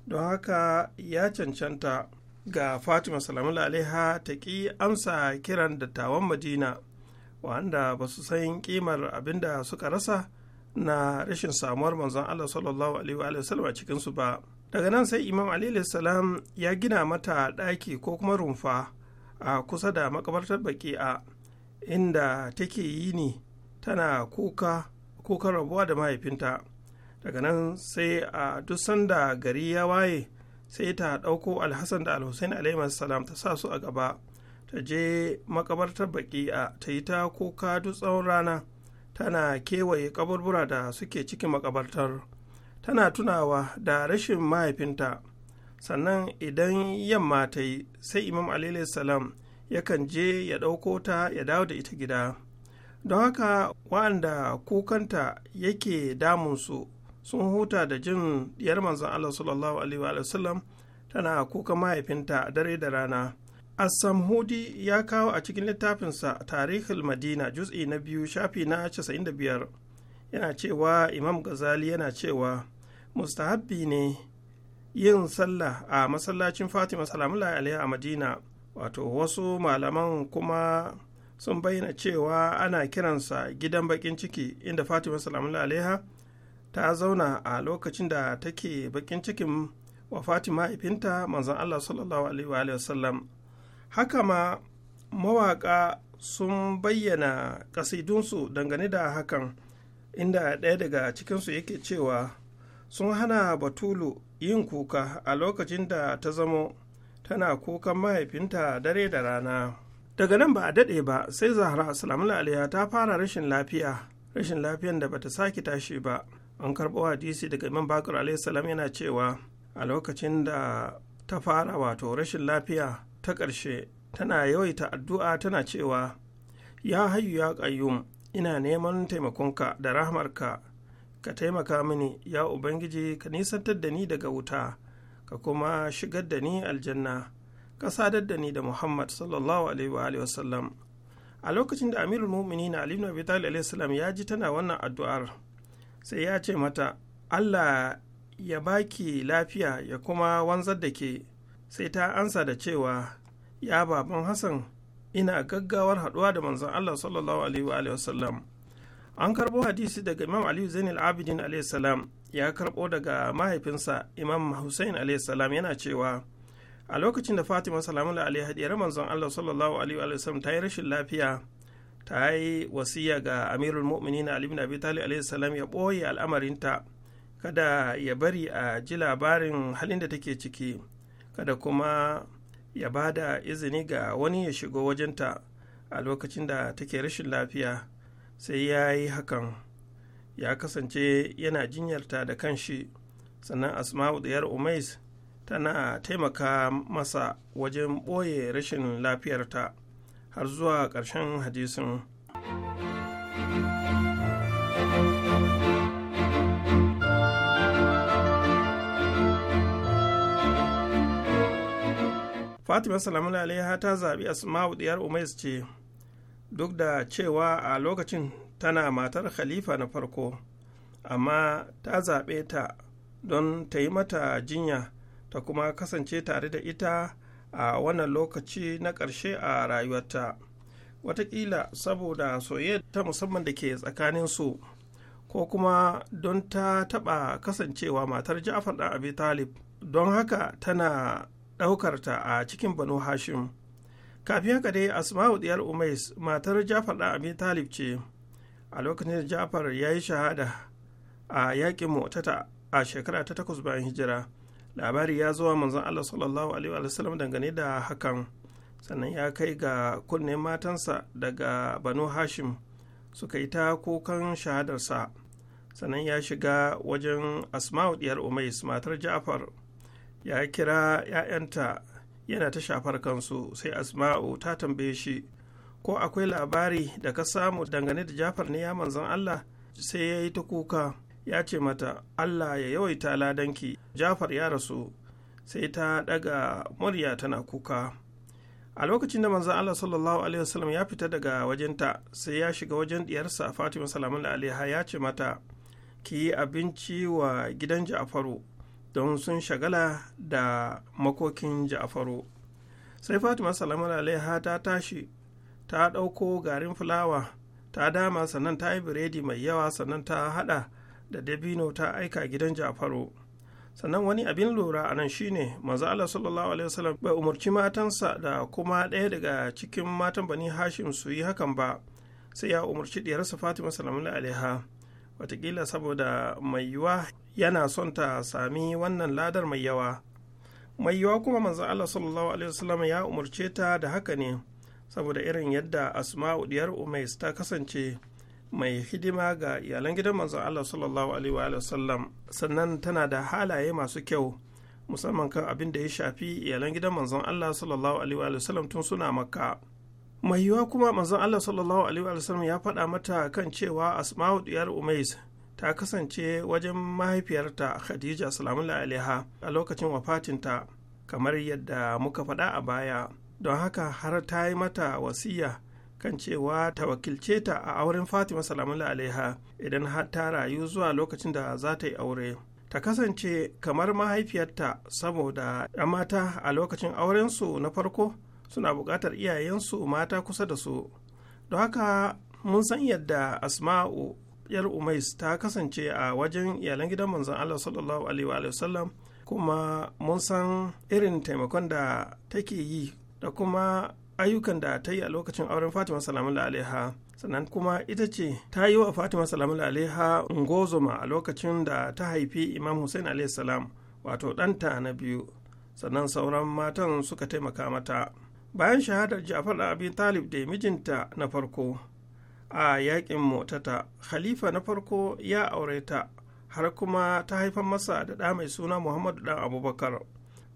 don haka ya cancanta ga fatima salamun alaiha ta ƙi amsa kiran dattawan madina wanda ba su san ƙimar abin da suka rasa na rashin samuwar manzan Allah sallallahu alaihi wasallam a cikinsu ba daga nan sai imam alaihi salam ya gina mata ɗaki ko kuma rumfa a kusa da makabartar a inda take yi ne tana kuka kukan rabuwa da mahaifinta daga nan sai a duk sanda gari ya waye sai ta ɗauko alhassan da alhussein alaihi salam ta sa su a gaba ta je makabartar a ta yi ta kuka duk tsawon rana tana kewaye kaburbura da suke cikin makabartar tana tunawa da rashin mahaifinta sannan idan yamma ta yi sai imam alaihi salam yakan je ya ɗauko ta ya dawo da ita gida don haka wa'anda kukanta yake damunsu sun huta da jin diyar manzon Allah sallallahu alaihi wa sallam tana kuka mahaifinta a dare da rana assam Hudi ya kawo a cikin littafinsa tarihul madina juz'i na biyu shafi na 95 yana cewa imam ghazali yana cewa mustahabbi ne yin sallah a masallacin fatima salamullahi alaiha a madina wato wasu malaman kuma sun bayyana cewa ana kiransa gidan bakin ciki inda fatima salamullahi alaiha ta zauna a lokacin da take bakin cikin fatima mahaifinta manzan Allah sallallahu alaihi wasallam haka ma mawaƙa sun bayyana kasidunsu dangane da hakan inda ɗaya daga cikinsu yake cewa sun hana batulu yin kuka a lokacin da ta zamo tana kukan mahaifinta dare da rana daga nan ba a daɗe ba sai zahra salamu ta fara rashin lafiya rashin lafiyan da bata sake tashi ba an karɓo hadisi daga imam bakar salam yana cewa a lokacin da ta fara wato rashin lafiya ta ƙarshe tana yawaita addu'a tana cewa ya hayu ya ƙayyum ina neman taimakonka da rahmarka ka taimaka mini ya ubangiji ka nisantar da ni daga wuta ka kuma shigar da ni aljanna ka sadar da ni da muhammad sallallahu alaihi wa sallam a lokacin da amirul mu'minin ali ibn abi talib ya ji tana wannan addu'ar sai ya ce mata allah ya baki lafiya ya kuma wanzar da ke sai ta ansa da cewa ya baban hassan ina gaggawar haɗuwa da manzon allah sallallahu alaihi wasallam an karɓo hadisi daga imam aliyu zainul abidin alaihi salam ya karɓo daga mahaifinsa imam hussein alaihi salam yana cewa a lokacin da fatima salamu alaihi hadiyar manzon allah sallallahu alaihi wasallam ta yi rashin lafiya ta yi wasiya ga amirul mu'minin ali bin abi talib alaihi salam ya ɓoye al'amarinta kada ya bari a ji labarin halin da take ciki kada kuma ya ba da izini ga wani ya shigo wajenta a lokacin da take rashin lafiya sai ya yi hakan ya kasance yana jinyarta da kanshi sannan asma'u ɗiyar umais tana taimaka masa wajen ɓoye rashin lafiyarta har zuwa ƙarshen hadisin fatima salamu alaiha ta zaɓi asma'u diyar umais ce duk da cewa a lokacin tana matar khalifa na farko amma ta zaɓe ta don ta yi mata jinya ta kuma kasance tare da ita a wannan lokaci na ƙarshe a rayuwarta watakila saboda soyayya ta musamman da ke tsakaninsu ko kuma don ta taɓa kasancewa matar ja'far da abi talib don haka tana ɗaukarta a cikin banu hashim kafin haka dai asma'u diyar umais matar ja'far da abi talib ce a lokacin da ja'far ya yi shahada a yaƙin motata a shekara ta takwas bayan hijira labari ya zuwa manzon allah sallallahu alaihi wasallam dangane da hakan sannan ya kai ga kunne matansa daga banu hashim suka yi ta kukan shahadarsa sannan ya shiga wajen asma'u diyar umais matar ja'far ya kira 'ya'yanta yana ta shafar kansu sai asma'u ta tambaye shi ko akwai labari da ka samu dangane da jafar ne ya manzon allah sai ya yi ta kuka ya ce mata allah ya yawaita ladanki jafar ya rasu sai ta daga murya tana kuka a lokacin da manzan allah sallallahu alaihi wasallam ya fita daga wajenta sai ya shiga wajen diyarsa fatima salamun alaiha ya ce mata ki yi abinci wa gidan ja'faru don sun shagala da makokin ja'faru sai fatima salamun alaiha ta tashi ta ɗauko garin fulawa ta dama sannan ta yi biredi mai yawa sannan ta haɗa da dabino ta aika gidan ja'faru sannan wani abin lura a nan shine manzo Allah sallallahu alaihi wasallam bai umarci matansa da kuma ɗaya daga cikin matan bani hashim su yi hakan ba sai ya umarci diyarsa fatima salamun alaiha watakila saboda mai yiwa yana son ta sami wannan ladar mai yawa mai yiwa kuma manzo Allah sallallahu alaihi wasallam ya umarce ta da haka ne saboda irin yadda asma'u diyar umais ta kasance mai hidima ga iyalan gidan manzon Allah sallallahu alaihi wa sallam sannan tana da halaye masu kyau musamman kan abin da ya shafi iyalan gidan manzon Allah sallallahu alaihi wa sallam tun suna makka mai yiwuwa kuma manzon Allah sallallahu alaihi wa sallam ya faɗa mata kan cewa Asma'u diyar Umais ta kasance wajen mahaifiyarta Khadija salamullahi alaiha a lokacin wafatinta kamar yadda muka faɗa a baya don haka har ta yi mata wasiya kan cewa ta wakilce ta a auren fatima salamula alaiha idan har ta rayu zuwa lokacin da za ta yi aure ta kasance kamar mahaifiyarta saboda 'yan mata a lokacin aurensu na farko suna buƙatar iyayensu mata kusa da su don haka mun san yadda asma'u yar umais ta kasance a wajen iyalan gidan manzon allah sallallahu alaihi wa sallam kuma mun san irin taimakon da take yi da kuma ayyukan da ta yi a lokacin auren fatima salamun alaiha sannan kuma ita ce ta yi wa fatima salamun alaiha ngozoma a lokacin da ta haifi imam hussein alaihi salam wato ɗanta na biyu sannan sauran matan suka taimaka mata bayan shahadar jafar da abin talib da mijinta na farko a yaƙin motata khalifa na farko ya aure ta har kuma ta haifar masa da ɗa mai suna muhammadu ɗan abubakar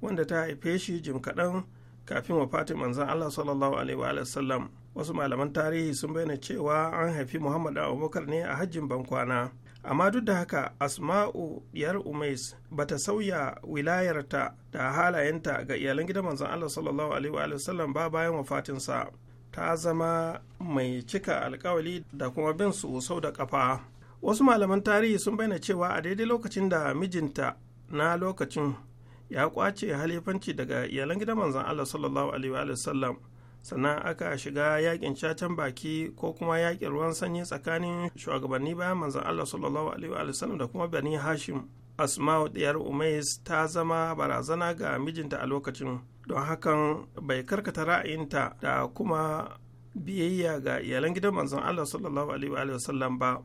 wanda ta haife shi jim kaɗan kafin wafatin manzan Allah sallallahu alaihi wa sallam wasu malaman tarihi sun bayyana cewa an haifi Muhammad Abubakar ne a hajjin bankwana amma duk da haka Asma'u diyar Umais bata sauya wilayarta da halayenta ga iyalan gidan manzan Allah sallallahu alaihi wa sallam ba bayan sa ta zama mai cika alkawali da kuma bin su sau da kafa wasu malaman tarihi sun bayyana cewa a daidai lokacin da mijinta na lokacin ya kwace halifanci daga iyalan gidan manzon Allah sallallahu alaihi wa sallam sannan aka shiga yakin cacen baki ko kuma yakin ruwan sanyi tsakanin shugabanni bayan manzon Allah sallallahu alaihi wa sallam da kuma Bani Hashim Asma'u diyar Umais ta zama barazana ga mijinta a lokacin don hakan bai karkata ra'ayinta da kuma biyayya ga iyalan gidan manzon Allah sallallahu alaihi wa sallam ba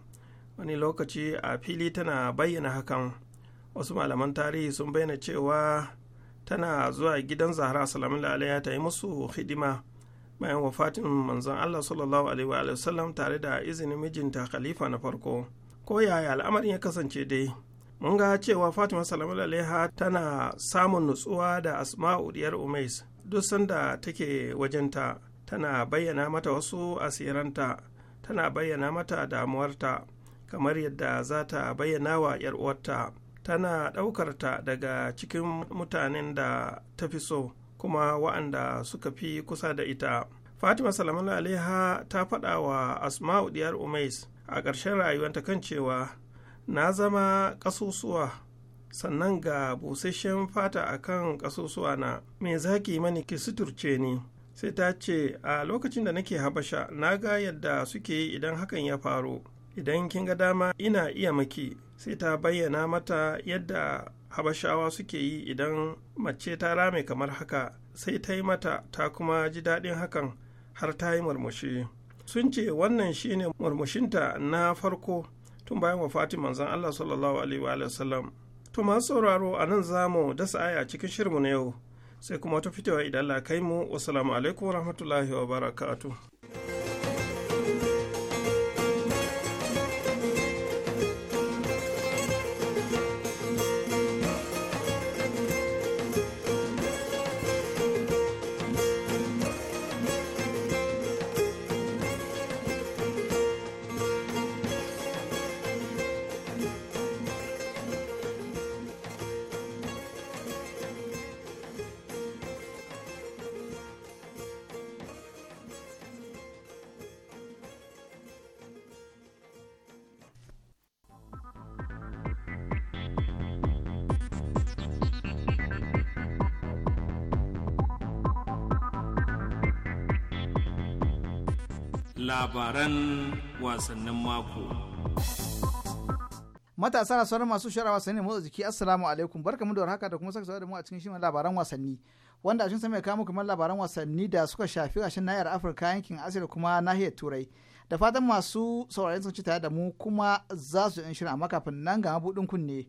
wani lokaci a fili tana bayyana hakan wasu malaman tarihi sun bayyana cewa tana zuwa gidan zahra salamun alaiha ta yi musu hidima bayan wafatin manzon allah sallallahu alaihi wa sallam tare da izinin mijinta khalifa na farko ko yaya al'amarin ya kasance dai mun ga cewa fatima salamun alaiha tana samun nutsuwa da asma'u diyar umais duk sanda take wajenta tana bayyana mata wasu asiranta tana bayyana mata damuwarta kamar yadda za ta bayyana wa 'yar uwarta tana ɗaukarta daga cikin mutanen da ta fi so kuma wa'anda suka fi kusa da ita fatima salamun Aliha ta faɗa wa asma'u diyar umais a ƙarshen rayuwanta kan cewa na zama ƙasusuwa sannan ga busasshen fata a kan ƙasusuwa na me zaki mani ki suturce ni sai ta ce a lokacin da nake habasha na ga yadda suke idan hakan ya faru idan kin ga dama ina iya maki sai ta bayyana mata yadda habashawa suke yi idan mace ta rame kamar haka sai ta yi mata ta kuma ji daɗin hakan har ta yi murmushi sun ce wannan shine murmushinta na farko tun bayan wafatin manzon Allah sallallahu alaihi wa sallam to masu sauraro a nan zamu dasa aya cikin shirmu na yau sai kuma ta fitowa idan la kai mu wasu alaikum wa rahmatullahi wa barakatu. labaran wasannin mako. Matasa na sauran masu shara wasanni motsa jiki assalamu alaikum barkamu da haka da kuma saka da mu a cikin shirin labaran wasanni wanda a cikin mai kawo kamar labaran wasanni da suka shafi rashin nahiyar Afirka yankin Asiya da kuma nahiyar Turai da fatan masu saurari sun ci tare da mu kuma za su ji shirin amma kafin nan ga mabudin kunne.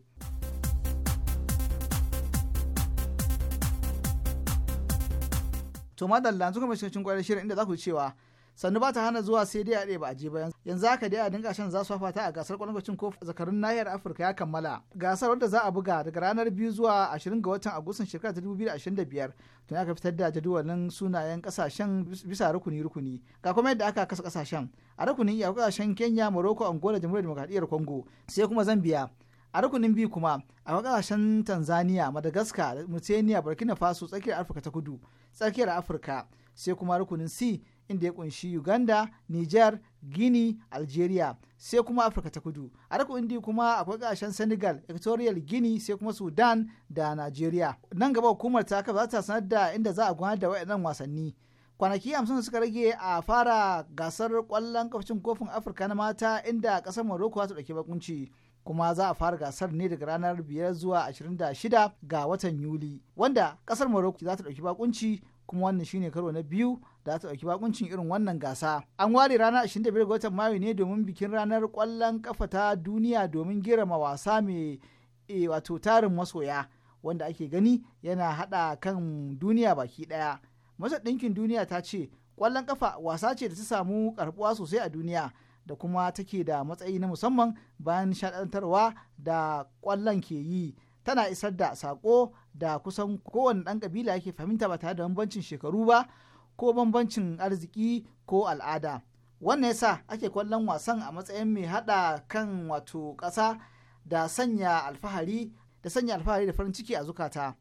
To madalla yanzu kuma cikin kwarar shirin inda za ku cewa sannu ba ta hana zuwa sai dai a ɗaya ba a je ba yanzu haka dai a dinga shan za su fafata a gasar kwallon ko zakarun nahiyar afirka ya kammala gasar wadda za a buga daga ranar biyu zuwa ashirin ga watan agustan shekara ta dubu biyu da tun aka fitar da jadawalin sunayen kasashen bisa rukuni rukuni ga kuma yadda aka kasa kasashen a rukunin iya kasashen kenya morocco angola jamhuriyar demokradiyyar kongo sai kuma zambia a rukunin biyu kuma a kasashen tanzania madagascar mauritania burkina faso tsakiyar afirka ta kudu tsakiyar afirka sai kuma rukunin c inda ya kunshi Uganda, Niger, Guinea, Algeria, sai kuma Afirka ta Kudu. A rikon Indi kuma akwai kasashen Senegal, Equatorial Guinea, sai kuma Sudan da Nigeria. Nan gaba hukumar ta kafa za ta sanar da inda za a gudanar da waɗannan wasanni. Kwanaki hamsin suka rage a fara gasar ƙwallon kafcin kofin Afirka na mata inda ƙasar Morocco za ta ɗauki bakunci. kuma za a fara gasar ne daga ranar biyar zuwa 26 ga watan Yuli wanda ƙasar Morocco za ta ɗauki bakunci kuma wannan shine karo na biyu da ta ɗauki bakuncin irin wannan gasa. An ware ranar 25 ga watan Mayu ne domin bikin ranar kwallon kafa ta duniya domin girma wasa mai e, wato tarin masoya wanda ake gani yana haɗa kan duniya baki ɗaya. Masa ɗinkin duniya ta ce ƙwallon kafa wasa ce da ta samu karbuwa sosai a duniya da kuma take da matsayi na musamman bayan shaɗantarwa da ƙwallon ke yi. Tana isar da saƙo da kusan kowane ɗan ƙabila yake fahimta ba tare da bambancin shekaru ba ko bambancin arziki ko al'ada wannan yasa ake kwallon wasan a matsayin mai haɗa kan wato ƙasa da sanya alfahari da sanya alfahari da farin ciki a zukata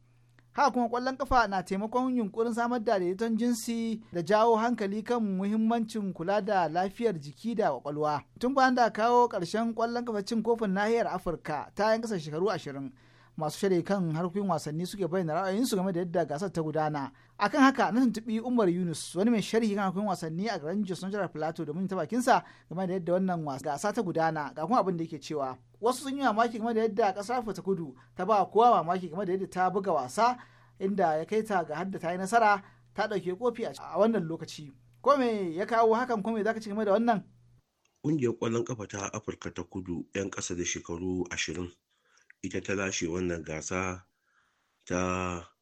haka kuma kwallon kafa na taimakon yunkurin samar da daidaiton jinsi da jawo hankali kan muhimmancin kula da lafiyar jiki da kwakwalwa tun bayan da kawo ƙarshen kwallon kafa cin kofin nahiyar afirka ta yan kasar shekaru ashirin masu shirya kan harkokin wasanni suke bayyana ra'ayinsu game da yadda gasar ta gudana akan haka na tuntuɓi umar yunus wani mai sharhi kan akwai wasanni a garin na jihar plateau domin ta bakinsa game da yadda wannan gasa ta gudana ga kuma abin da yake cewa wasu sun yi mamaki game da yadda ƙasar ta kudu ta ba kowa mamaki game da yadda ta buga wasa inda ya kai ta ga hadda ta yi nasara ta ɗauke kofi a wannan lokaci ko me ya kawo hakan ko me zaka ci game da wannan ƙungiyar ƙwallon kafa ta afirka ta kudu 'yan ƙasa da shekaru ashirin ita ta lashe wannan gasa ta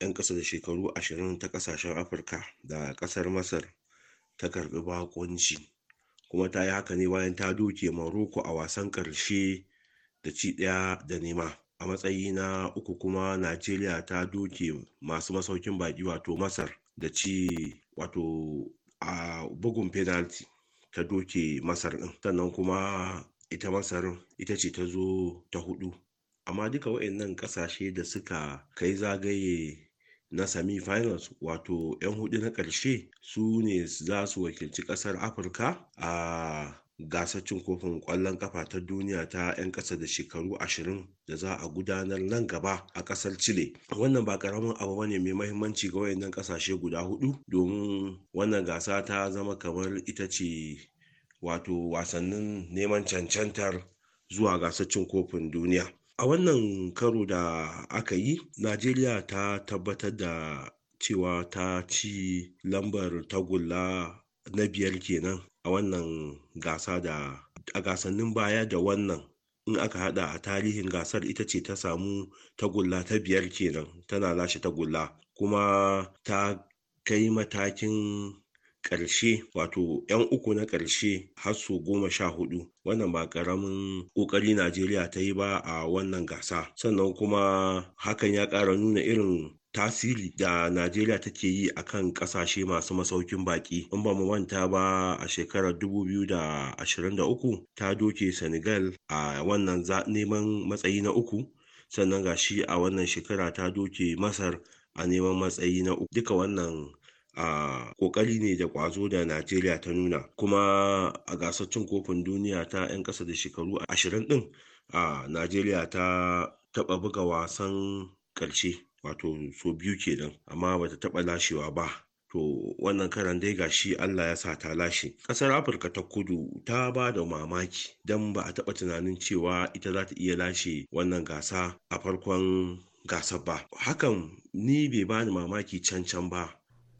'yan ƙasa da shekaru ashirin ta ƙasashen afirka da ƙasar masar ta karɓi bakonci kuma ta yi haka ne bayan ta doke maroko a wasan ƙarshe da ci ɗaya da nema a matsayi na uku kuma najeriya ta doke masu masaukin baƙi wato masar da ci wato a bugun penalty ta doke masar ɗin sannan kuma ita masar ita ce ta zo ta hudu amma duka waɗannan ƙasashe da suka kai zagaye na semi-finals wato 'yan hudu na ƙarshe su ne za su wakilci ƙasar afirka a gasar cin kofin ƙwallon kafa ta duniya ta 'yan ƙasa da shekaru 20 da za a gudanar nan gaba a ƙasar chile wannan ba karamin abu bane mai mahimmanci ga wayannan ƙasashe guda hudu domin wannan gasa ta zama kamar ita ce wato wasannin neman cancantar zuwa gasar cin kofin duniya a wannan karo da aka yi najeriya ta tabbatar da cewa ta ci lambar tagulla na biyar kenan a wannan gasa da a gasannin baya da wannan in aka hada a tarihin gasar ita ce ta samu tagulla ta biyar kenan tana lashe tagulla kuma ta kai matakin ƙarshe wato 'yan uku na ƙarshe har su goma sha hudu wannan ba ƙaramin ƙoƙari najeriya ta yi ba a wannan gasa sannan kuma hakan ya ƙara nuna irin tasiri da Najeriya take yi a kan ƙasashe masu masaukin baƙi. In ba mu manta ba a shekarar 2023 ta doke Senegal a wannan neman matsayi na uku, sannan gashi a wannan shekara ta doke Masar a neman matsayi na uku. Duka wannan a kokari ne da kwazo da najeriya ta nuna kuma a gasar cin kofin duniya ta 'yan ƙasa da shekaru ashirin ɗin. a najeriya ta taɓa buga wasan ƙarshe wato so biyu kenan amma bata taɓa lashewa ba to wannan karan dai gashi Allah ya sa ta lashe Ƙasar Afirka ta kudu ta ba da mamaki don ba a taɓa tunanin cewa ita za ta iya lashe wannan gasa a farkon gasar ba hakan ni bai bani mamaki can can ba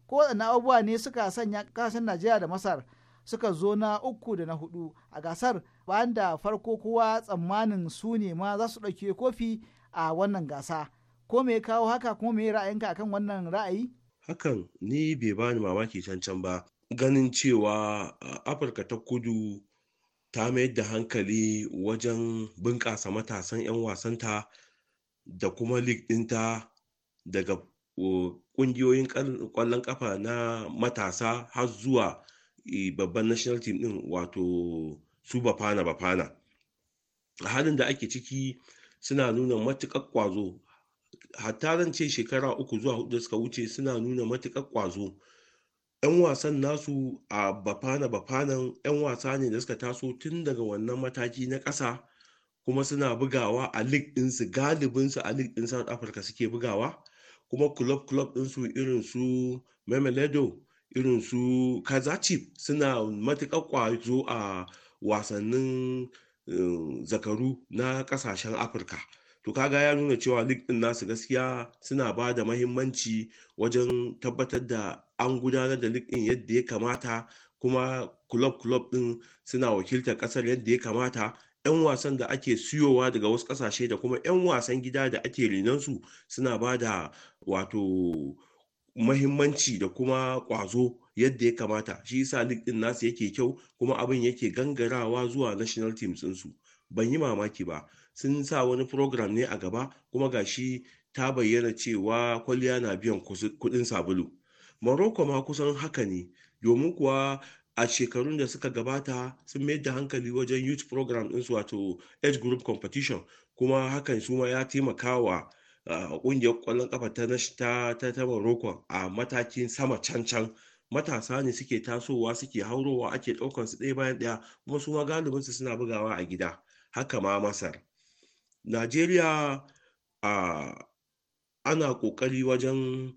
ko waɗannan abubuwa ne suka sanya kasashen najeriya da masar suka zo na uku da na hudu a gasar bayan da farko kowa tsammanin su ne ma za su ɗauke kofi a wannan gasa ko me kawo haka kuma me ra'ayinka akan wannan ra'ayi hakan ni bai bani mamaki can-can ba ganin cewa afirka ta kudu ta mayar da hankali wajen bunƙasa matasan 'yan wasanta da kuma lig ɗinta daga kungiyoyin kwallon kafa na matasa har zuwa eh, babban national team din wato su bafana bafana a halin da ake ciki suna nuna matuƙar kwazo hatta zan ce shekara uku zuwa hudu da suka wuce suna nuna matukar kwazo 'yan wasan nasu a bafana bafanan 'yan wasa ne da suka taso tun daga wannan mataki na ƙasa kuma suna bugawa a lig ɗinsu galibinsu a lig ɗin south africa suke bugawa kuma club club ɗinsu irin su memeledo irin su kazachip suna matuƙar ƙwazo a wasannin eh, zakaru na ƙasashen afirka to kaga ya nuna cewa duk ɗin nasu gaskiya suna ba da mahimmanci wajen tabbatar da an gudanar da ɗin yadda ya kamata kuma club club ɗin suna wakiltar ƙasar yadda ya kamata 'yan wasan da ake siyowa daga wasu ƙasashe da kuma 'yan wasan gida da ake su suna ba da wato mahimmanci da kuma ƙwazo yadda ya kamata shi yasa league din nasu yake kyau kuma abin yake gangarawa zuwa national teams su ban yi mamaki ba sun sa wani program ne a gaba kuma ga shi ta bayyana cewa kwalliya na biyan kuɗin sabulu Morocco ma kusan haka ne domin kuwa a shekarun da suka gabata sun mayar da hankali wajen youth program ɗinsu wato age group competition kuma hakan su ma ya taimaka wa ƙungiyar ƙwallon ƙafa ta ta ta Morocco a matakin sama can can matasa ne suke tasowa suke haurowa ake ɗaukar su ɗaya bayan ɗaya kuma su ma galibin su suna bugawa a gida haka ma Masar Najeriya ana ƙoƙari wajen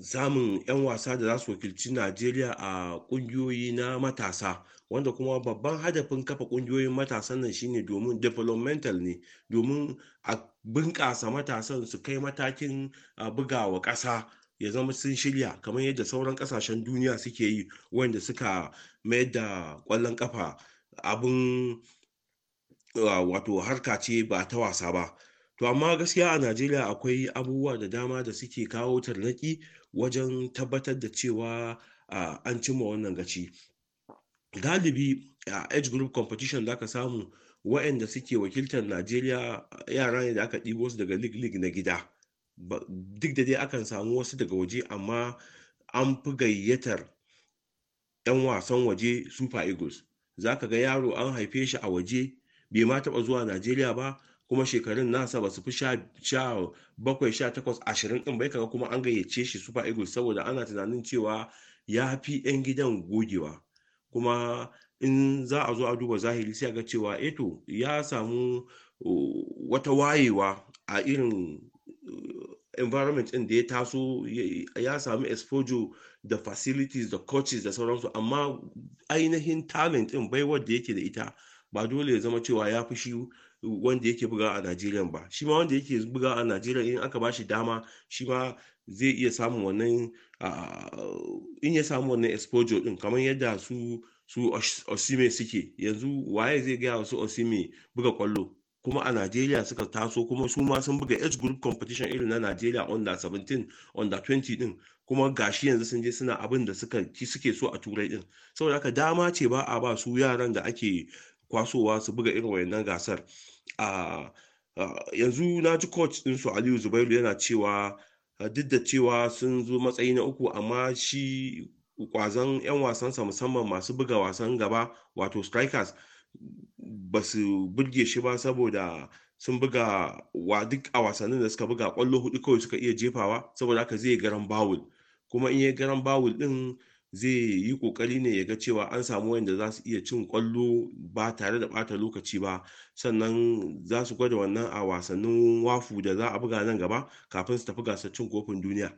samun 'yan wasa da za su wakilci najeriya a kungiyoyi na matasa wanda kuma babban hadafin kafa kungiyoyin matasan nan shine domin developmental ne domin a bunƙasa matasan su kai matakin a bugawa ƙasa ya zama sun shirya kamar yadda sauran ƙasashen duniya suke yi wanda suka mayar da ƙwallon ƙafa abin wato harka ce ba ta wasa ba to amma gaskiya a najeriya akwai abubuwa da dama da suke kawo tarnaki wajen tabbatar da cewa an cimma wannan gaci galibi a age group competition da aka samu waɗanda suke wakiltar najeriya yara ne da aka ɗibo su daga league league na gida duk da dai akan samu wasu daga waje amma an fi gayyatar 'yan wasan waje super eagles za ka ga yaro an haife shi a waje bai ma taɓa zuwa najeriya ba kuma shekarun nasa ba su fi sha bakwai sha takwas ashirin ɗin bai kaga kuma an gayyace shi super eagles saboda ana tunanin cewa ya fi 'yan gidan gogewa kuma in za a zo a duba zahiri sai ga cewa eto eh ya samu uh, wata wayewa a irin uh, environment ɗin da ya taso ya samu exposure da facilities da coaches da sauransu amma ainihin talent ɗin baiwar da yake da ita ba dole ya zama cewa ya fi shi wanda yake buga a Najeriya ba shi ma wanda yake buga a Najeriya in aka bashi dama shi ma zai iya samun wannan in ya samu wannan exposure din kamar yadda su su Osime suke yanzu waye zai gaya su Osime buga kwallo kuma a Najeriya suka taso kuma su ma sun buga age group competition irin na Najeriya under 17 under 20 din kuma gashi yanzu sun je suna abin da suka suke so a turai din saboda haka dama ce ba a ba su yaran da ake kwasowa su buga irin wayannan gasar a yanzu na ji coach su aliyu zubairu yana cewa duk da cewa sun zo matsayi na uku amma shi kwazon 'yan wasansa musamman masu buga wasan gaba wato strikers ba su burge shi ba saboda sun buga wa duk a wasannin da suka buga kwallo hudu kawai suka iya jefawa saboda haka zai garan bawul kuma in ya garan bawul din zai yi kokari ne ya ga cewa an samu wanda za su iya cin kwallo ba tare da bata lokaci ba sannan za su gwada wannan a wasannin wafu da za a buga nan gaba kafin su tafi gasar cin kofin duniya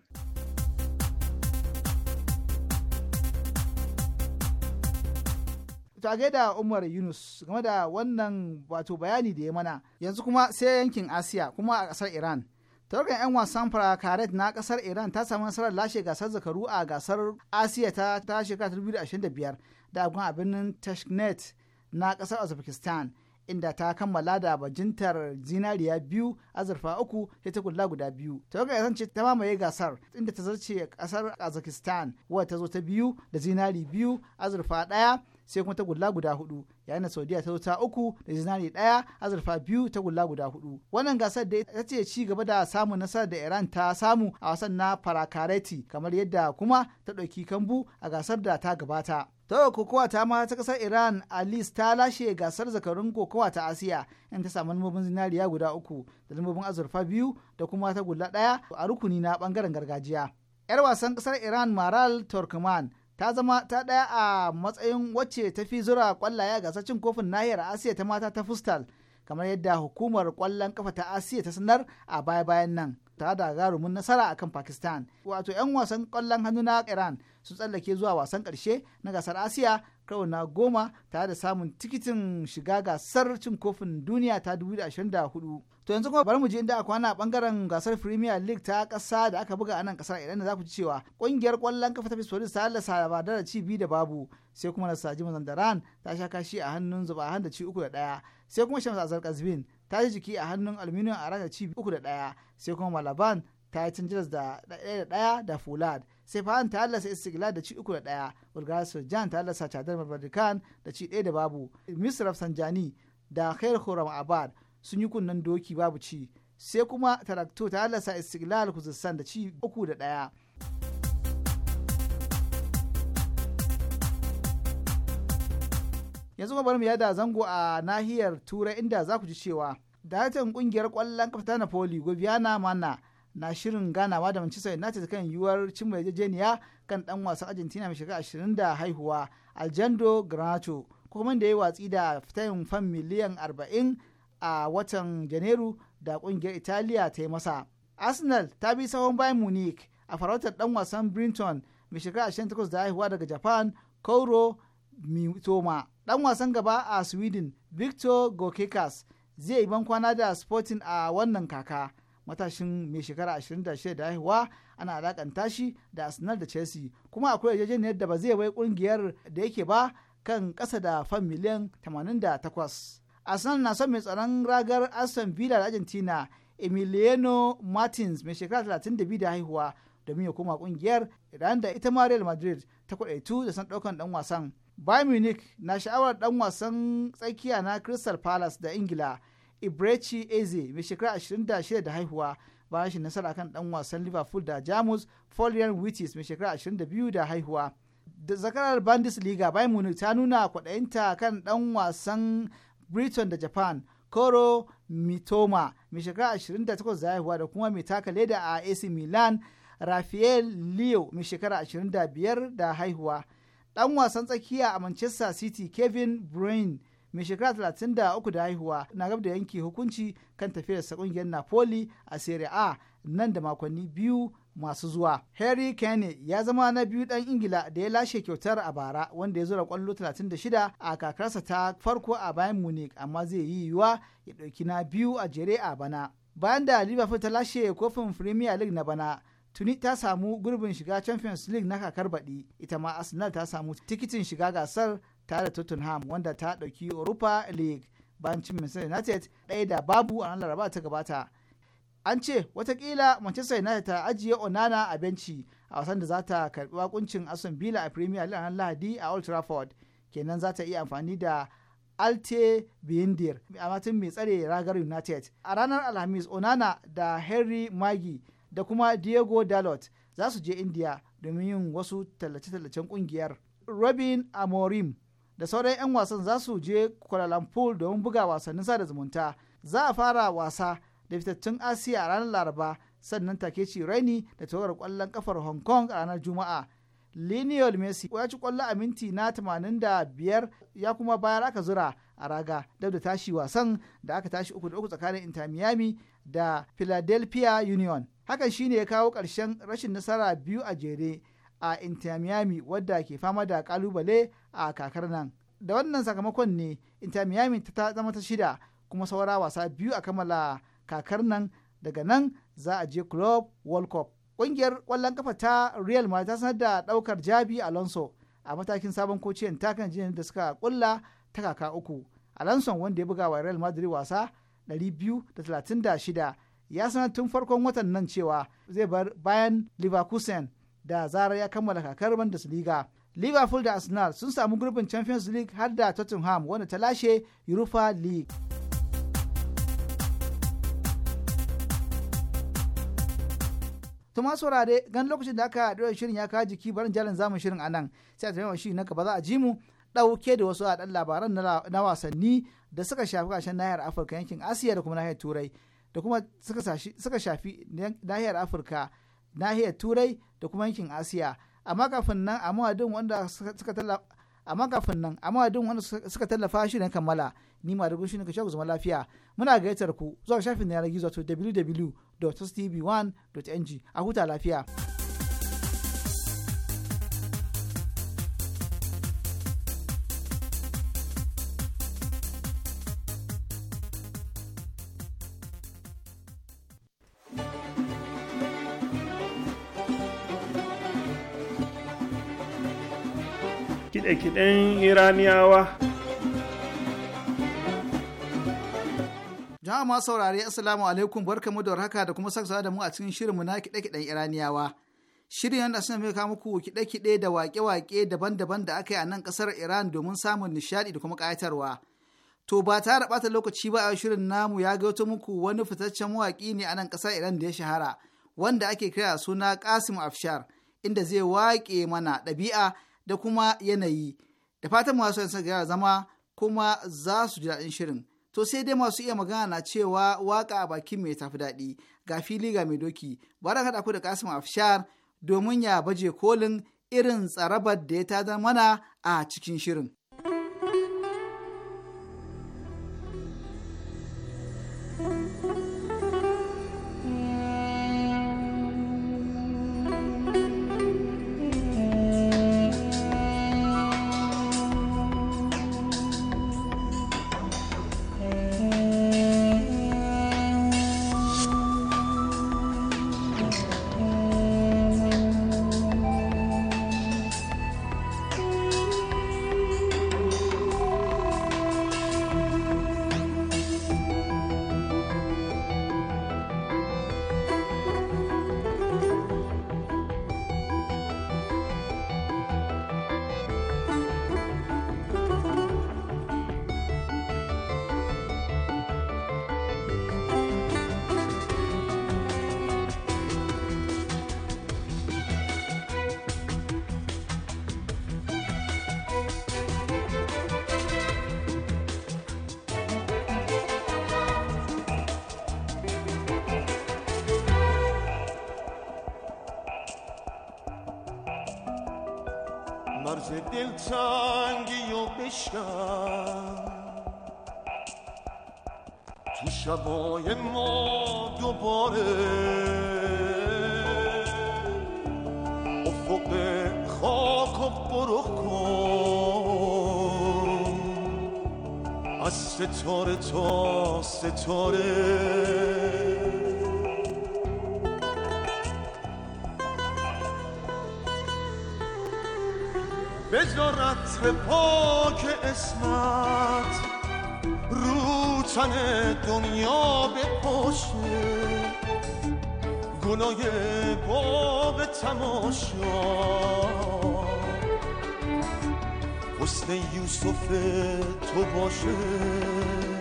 tage da umar yunus game da wannan wato bayani da ya mana yanzu kuma sai yankin asiya kuma a kasar iran tawagar 'yan wasan farakaret na kasar iran ta samu nasarar lashe gasar zakaru a gasar asiya ta ta shekara 2025 da abin a birnin tashnet na kasar uzbekistan inda ta kammala da bajintar zinariya biyu azurfa uku sai ta kula guda biyu tawagar iran ta mamaye gasar inda ta zarce kasar uzbekistan wadda ta zo ta biyu da zinari biyu azurfa daya sai kuma ta gulla guda hudu yayin da saudiya ta ta uku da zinari ɗaya azurfa biyu ta gulla guda hudu wannan gasar da ita ce ci gaba da samun nasarar da iran ta samu a wasan na farakareti kamar yadda kuma ta ɗauki kambu a gasar da ta gabata ta kokowa ta ma ta kasar iran alice ta lashe gasar zakarun kokowa ta asiya in ta samu lambobin zinariya guda uku da lambobin azurfa biyu da kuma ta gulla daya a rukuni na bangaren gargajiya 'yar wasan kasar iran maral turkman ta zama ta ɗaya a matsayin wacce ta fi zura kwallaye a gasar cin kofin nahiyar asiya ta mata ta fustal kamar yadda hukumar kwallon kafa ta asiya ta sanar a baya-bayan nan ta da garumin nasara akan pakistan wato 'yan wasan kwallon hannu na iran su tsallake zuwa wasan ƙarshe na gasar asiya na goma tare da samun tikitin shiga gasar cin kofin duniya ta 2024 to yanzu kuma bari mu je inda kwana a bangaren gasar premier league ta kasa da aka buga a nan kasar idan da za ku ci cewa kungiyar kwallon kafa ta fiskolis ta halasta ba da ci biyu da babu sai kuma na saji mazandaran ta sha kashi a hannun zuba da ci uku da daya sai kuma shamsa azar kazbin ta ji jiki a hannun aluminium a ranar ci uku da daya sai kuma malaban ta yi canjiras da da daya da fulad sai fahan ta halasa istiklal da ci uku da ɗaya bulgaria sojan ta halasa chadar barbadukan da ci ɗaya da babu misr sanjani da khair khuram abad sun yi kunnen doki babu ci sai kuma tarakto ta halasa istiklal kuzistan da ci uku da ɗaya yanzu bari mu yada zango a nahiyar turai inda za ku ji cewa daraktan kungiyar kwallon kafa ta napoli gobiana mana na shirin ganawa da Manchester United kan yiwuwar cin yarjejeniya kan dan wasan Argentina mai shekara 20 da haihuwa Aljando Granato kuma da ya watsi da fitayin fan miliyan 40 a watan Janairu da kungiyar Italiya ta yi masa. Arsenal ta bi sahun bayan Munich a farautar dan wasan Brinton mai shekara 28 da haihuwa daga Japan Kauro Mitoma. Dan wasan gaba a Sweden Victor Gokekas zai yi kwana da Sporting a wannan kaka. matashin mai shekara 26 da haihuwa ana alakanta shi da arsenal da chelsea kuma akwai yarjejeniyar da ba zai bai kungiyar da yake ba kan kasa da fan miliyan 88 arsenal na son mai tsaron ragar aston villa da argentina emiliano martins mai shekara 32 da haihuwa domin ya koma kungiyar idan da ita ma real madrid ta kwadaitu da san daukan dan wasan bayern munich na sha'awar dan wasan tsakiya na crystal palace da ingila Ibrechi Eze mai shekara 26 da haihuwa bayan shi nasara kan dan wasan Liverpool da Jamus folian Wittes mai shekara 22 da haihuwa. Da zakarar Bundesliga bayan Munich ta nuna kwaɗayinta kan dan wasan Britain da Japan Koro Mitoma mai shekara 28 da haihuwa da kuma mai taka leda a AC Milan Rafael Leo mai shekara 25 da haihuwa. Dan wasan tsakiya a Manchester City Kevin Bruyne mai shekara talatin da uku da haihuwa na gab da yanke hukunci kan tafiyarsa kungiyar napoli a serie a nan da makonni biyu masu zuwa. Harry Kane ya zama na biyu ɗan Ingila da ya lashe kyautar a bara wanda ya zura kwallo 36 a kakarsa ta farko a bayan Munich amma zai yi yiwuwa ya ɗauki na biyu a jere a bana. Bayan da Liverpool ta lashe kofin Premier League na bana, tuni ta samu gurbin shiga Champions League na kakar baɗi, ita ma Arsenal ta samu tikitin shiga gasar tare da tottenham wanda ta ɗauki europa league bayan cin manchester united ɗaya da babu a ranar laraba ta gabata an ce watakila manchester united ta ajiye onana a benci a wasan da za ta karɓi wakuncin aston villa a premier league a lahadi a old trafford kenan za ta iya amfani da alte biyendir a matan mai tsare ragar united a ranar alhamis onana da henry magi da kuma diego dalot za su je india domin yin wasu tallace-tallacen kungiyar robin amorim da sauran 'yan wasan za su je Kuala Lumpur domin buga wasannin sada zumunta. Za a fara wasa da fitattun Asiya a ranar Laraba sannan take ci Raini da tawagar kwallon kafar Hong Kong a ranar Juma'a. Lionel Messi ya ci kwallo a minti na 85 ya kuma bayar aka zura a raga da da tashi wasan da aka tashi uku da uku tsakanin Inter Miami da Philadelphia Union. Hakan shine ya kawo ƙarshen rashin nasara biyu a jere a Inter Miami wadda ke fama da kalubale a kakar nan. Da wannan sakamakon ne Inter Miami ta zama ta shida kuma saura wasa biyu a kammala kakar nan daga nan za a je Club World Cup. kungiyar kwallon kafa ta Real Madrid ta sanar da daukar Jabi Alonso a matakin sabon ta takan jini da suka kulla ta kaka uku. Alonso wanda ya buga wa Real Madrid wasa 236 ya sanar tun farkon watan nan cewa zai bar bayan Leverkusen da zarar ya kammala kakar Bundesliga. Liverpool da Arsenal sun samu gurbin Champions League har da Tottenham wanda ta lashe Europa League. Tuma saurare gan lokacin da aka ɗora shirin ya kawo jiki barin jalan zamu shirin a nan sai a tafi shi na gaba za a ji mu ɗauke da wasu a ɗan labaran na wasanni da suka shafi ƙarshen nahiyar Afirka yankin Asiya da kuma nahiyar Turai da kuma suka shafi nahiyar Afirka nahiyar turai da kuma yankin asiya amma kafin nan a mawadin wanda suka tallafa amma kafin nan a mawadin wanda suka tallafa shi ne kammala ni ma da gushi ne ka shago zama lafiya muna gayyatar ku zuwa shafin yanar gizo to www.tv1.ng a huta lafiya. kiɗe-kiɗen iraniyawa jama'a masu saurari assalamu alaikum barkamu da warhaka da kuma da mu a cikin shirinmu na kiɗe-kiɗen iraniyawa shirin yana suna mai kawo muku kiɗe-kiɗe da waƙe-waƙe daban-daban da aka yi a nan ƙasar iran domin samun nishaɗi da kuma ƙayatarwa to ba ta da ɓata lokaci ba a shirin namu ya gaito muku wani fitaccen mawaƙi ne a nan ƙasar iran da ya shahara wanda ake kira suna kasim afshar inda zai waƙe mana ɗabi'a da kuma yanayi da fatan masu yansa ga zama kuma za su ji daɗin shirin to sai dai masu iya magana na cewa waka a bakin mai tafi daɗi ga fili ga mai doki bari haɗa ku da kasim afshar domin ya baje kolin irin tsarabar da ya tada mana a cikin shirin. دلتنگی و بشکن تو شبای ما دوباره افق خاک و برو کن از ستاره تا ستاره در به پاک اسمت رو تن دنیا بپاشه گناه باب تماشا حسن یوسف تو باشه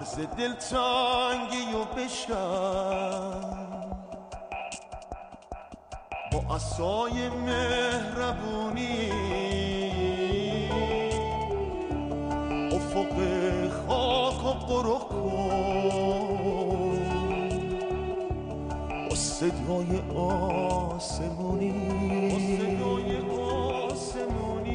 عرض دل تنگی و بشم با اصای مهربونی افق خاک و برو کن با صدای آسمونی با صدای آسمونی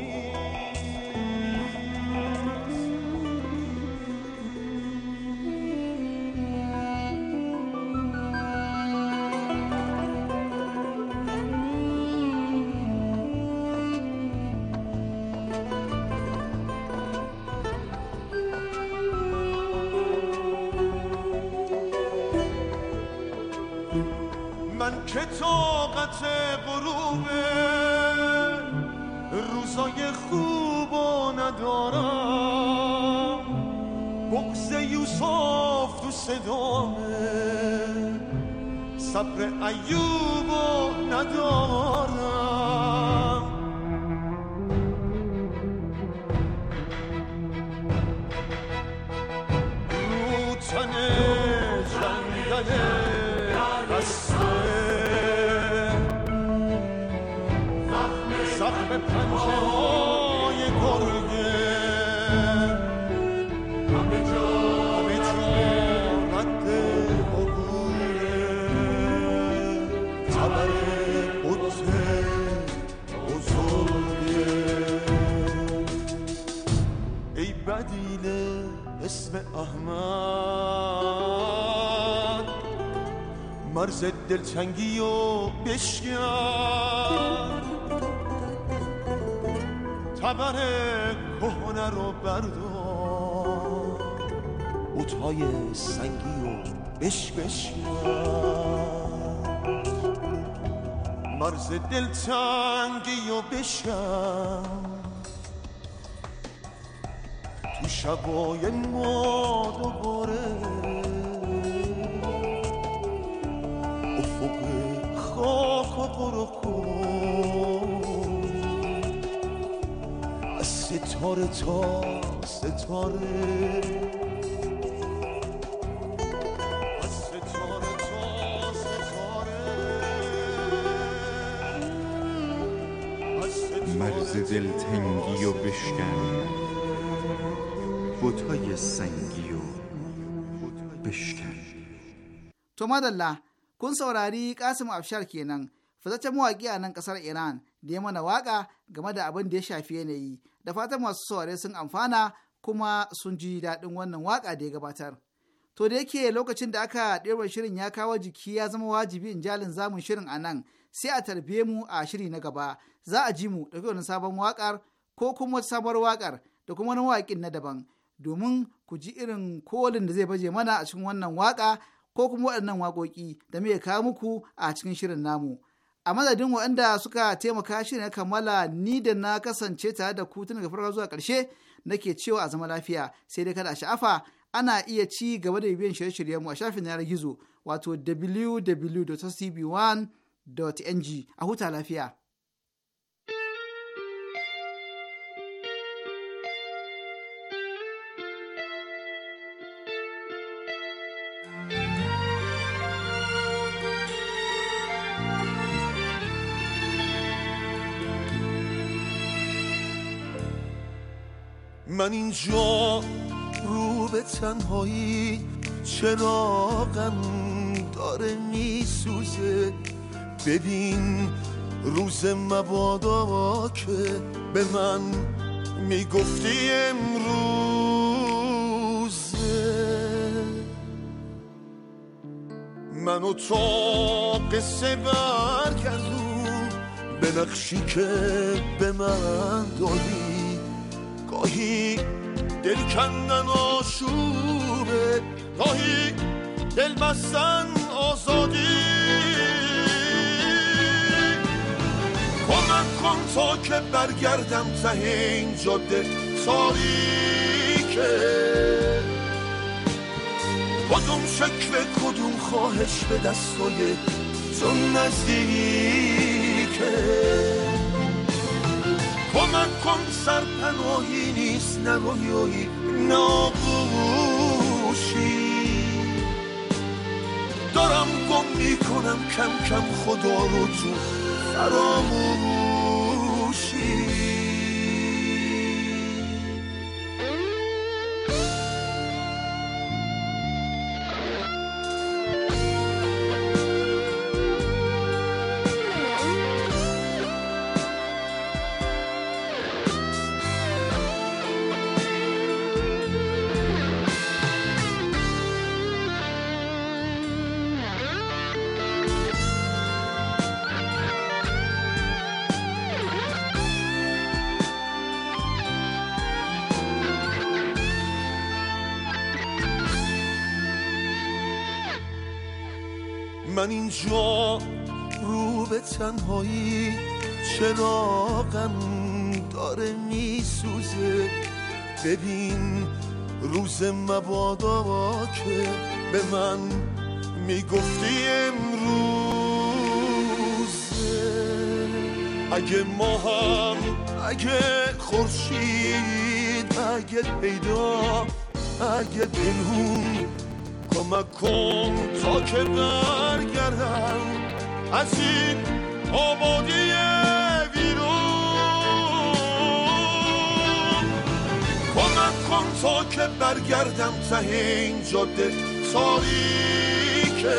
صدامه صبر ایوب و ندارم احمد مرز دلتنگی و بشکن تبر کهنه رو بردار و سنگی و بش مرز دلتنگی و بشکن شبای ما دوباره افق خاک و برو کن از ستاره تا ستاره از ستاره مرز دلتنگی و بشکن بوتهای سنگی و بشکن تو مدالله kun saurari Kasim Afshar kenan fitaccen mawaƙi a nan ƙasar Iran da ya mana waƙa game da abin da ya shafi yanayi da fatan masu saurare sun amfana kuma sun ji daɗin wannan waƙa da ya gabatar. To da yake lokacin da aka ɗirba shirin ya kawo jiki ya zama wajibi in jalin zamun shirin a nan sai a tarbe mu a shiri na gaba za a ji mu ɗauki wani sabon waƙar ko kuma sabuwar waƙar da kuma wani waƙin na daban domin ku ji irin kolin da zai baje mana a cikin wannan waka ko kuma waɗannan waƙoƙi da mai kawo muku a cikin shirin namu. A madadin waɗanda suka taimaka shi ya kammala ni da na kasance tare da ku tun daga farko zuwa ƙarshe nake cewa a zama lafiya sai dai kada a sha'afa ana iya ci gaba da bibiyan shirye-shiryen mu a shafin yanar gizo wato www.cb1.ng a huta lafiya. من اینجا رو به تنهایی چراغم داره میسوزه ببین روز مبادا که به من میگفتی امروزه منو تو قصه برگردون به نقشی که به من دادی گاهی دل کندن آشوبه راهی دل بستن آزادی کمک کن تا که برگردم ته این جاده تاریکه کدوم شکل کدوم خواهش به دستای تو نزدیکه با من کن سرپناهی نیست نرویایی ناقوشی دارم گم میکنم کم کم خدا رو تو فراموش من اینجا رو به تنهایی چراغم داره میسوزه ببین روز مبادا که به من میگفتی امروز اگه ما هم اگه خورشید اگه پیدا اگه پنهون کمک کن تا که برگردم از این آبادی ویرون کمک کن تا که برگردم ته این جاده تاریکه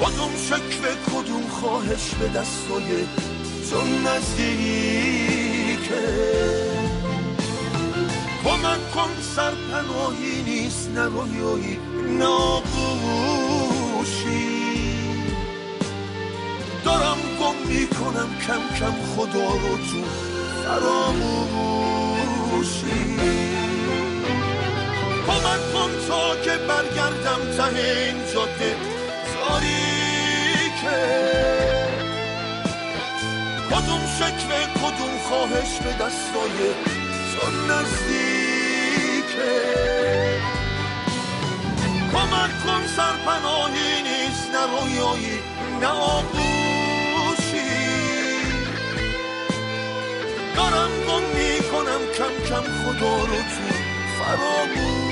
کدوم شکل کدوم خواهش به دستای تو نزدیکه کمک کن پناهی نیست نرویایی ناقوشی دارم گم میکنم کم کم خدا رو تو فراموشی کمک کن تا که برگردم ته این جاده که کدوم شکل کدوم خواهش به دستای چون نزدیکه کمک کن سرپناهی نیست نه رویایی نه آغوشی دارم گم میکنم کم کم خدا رو تو فراموش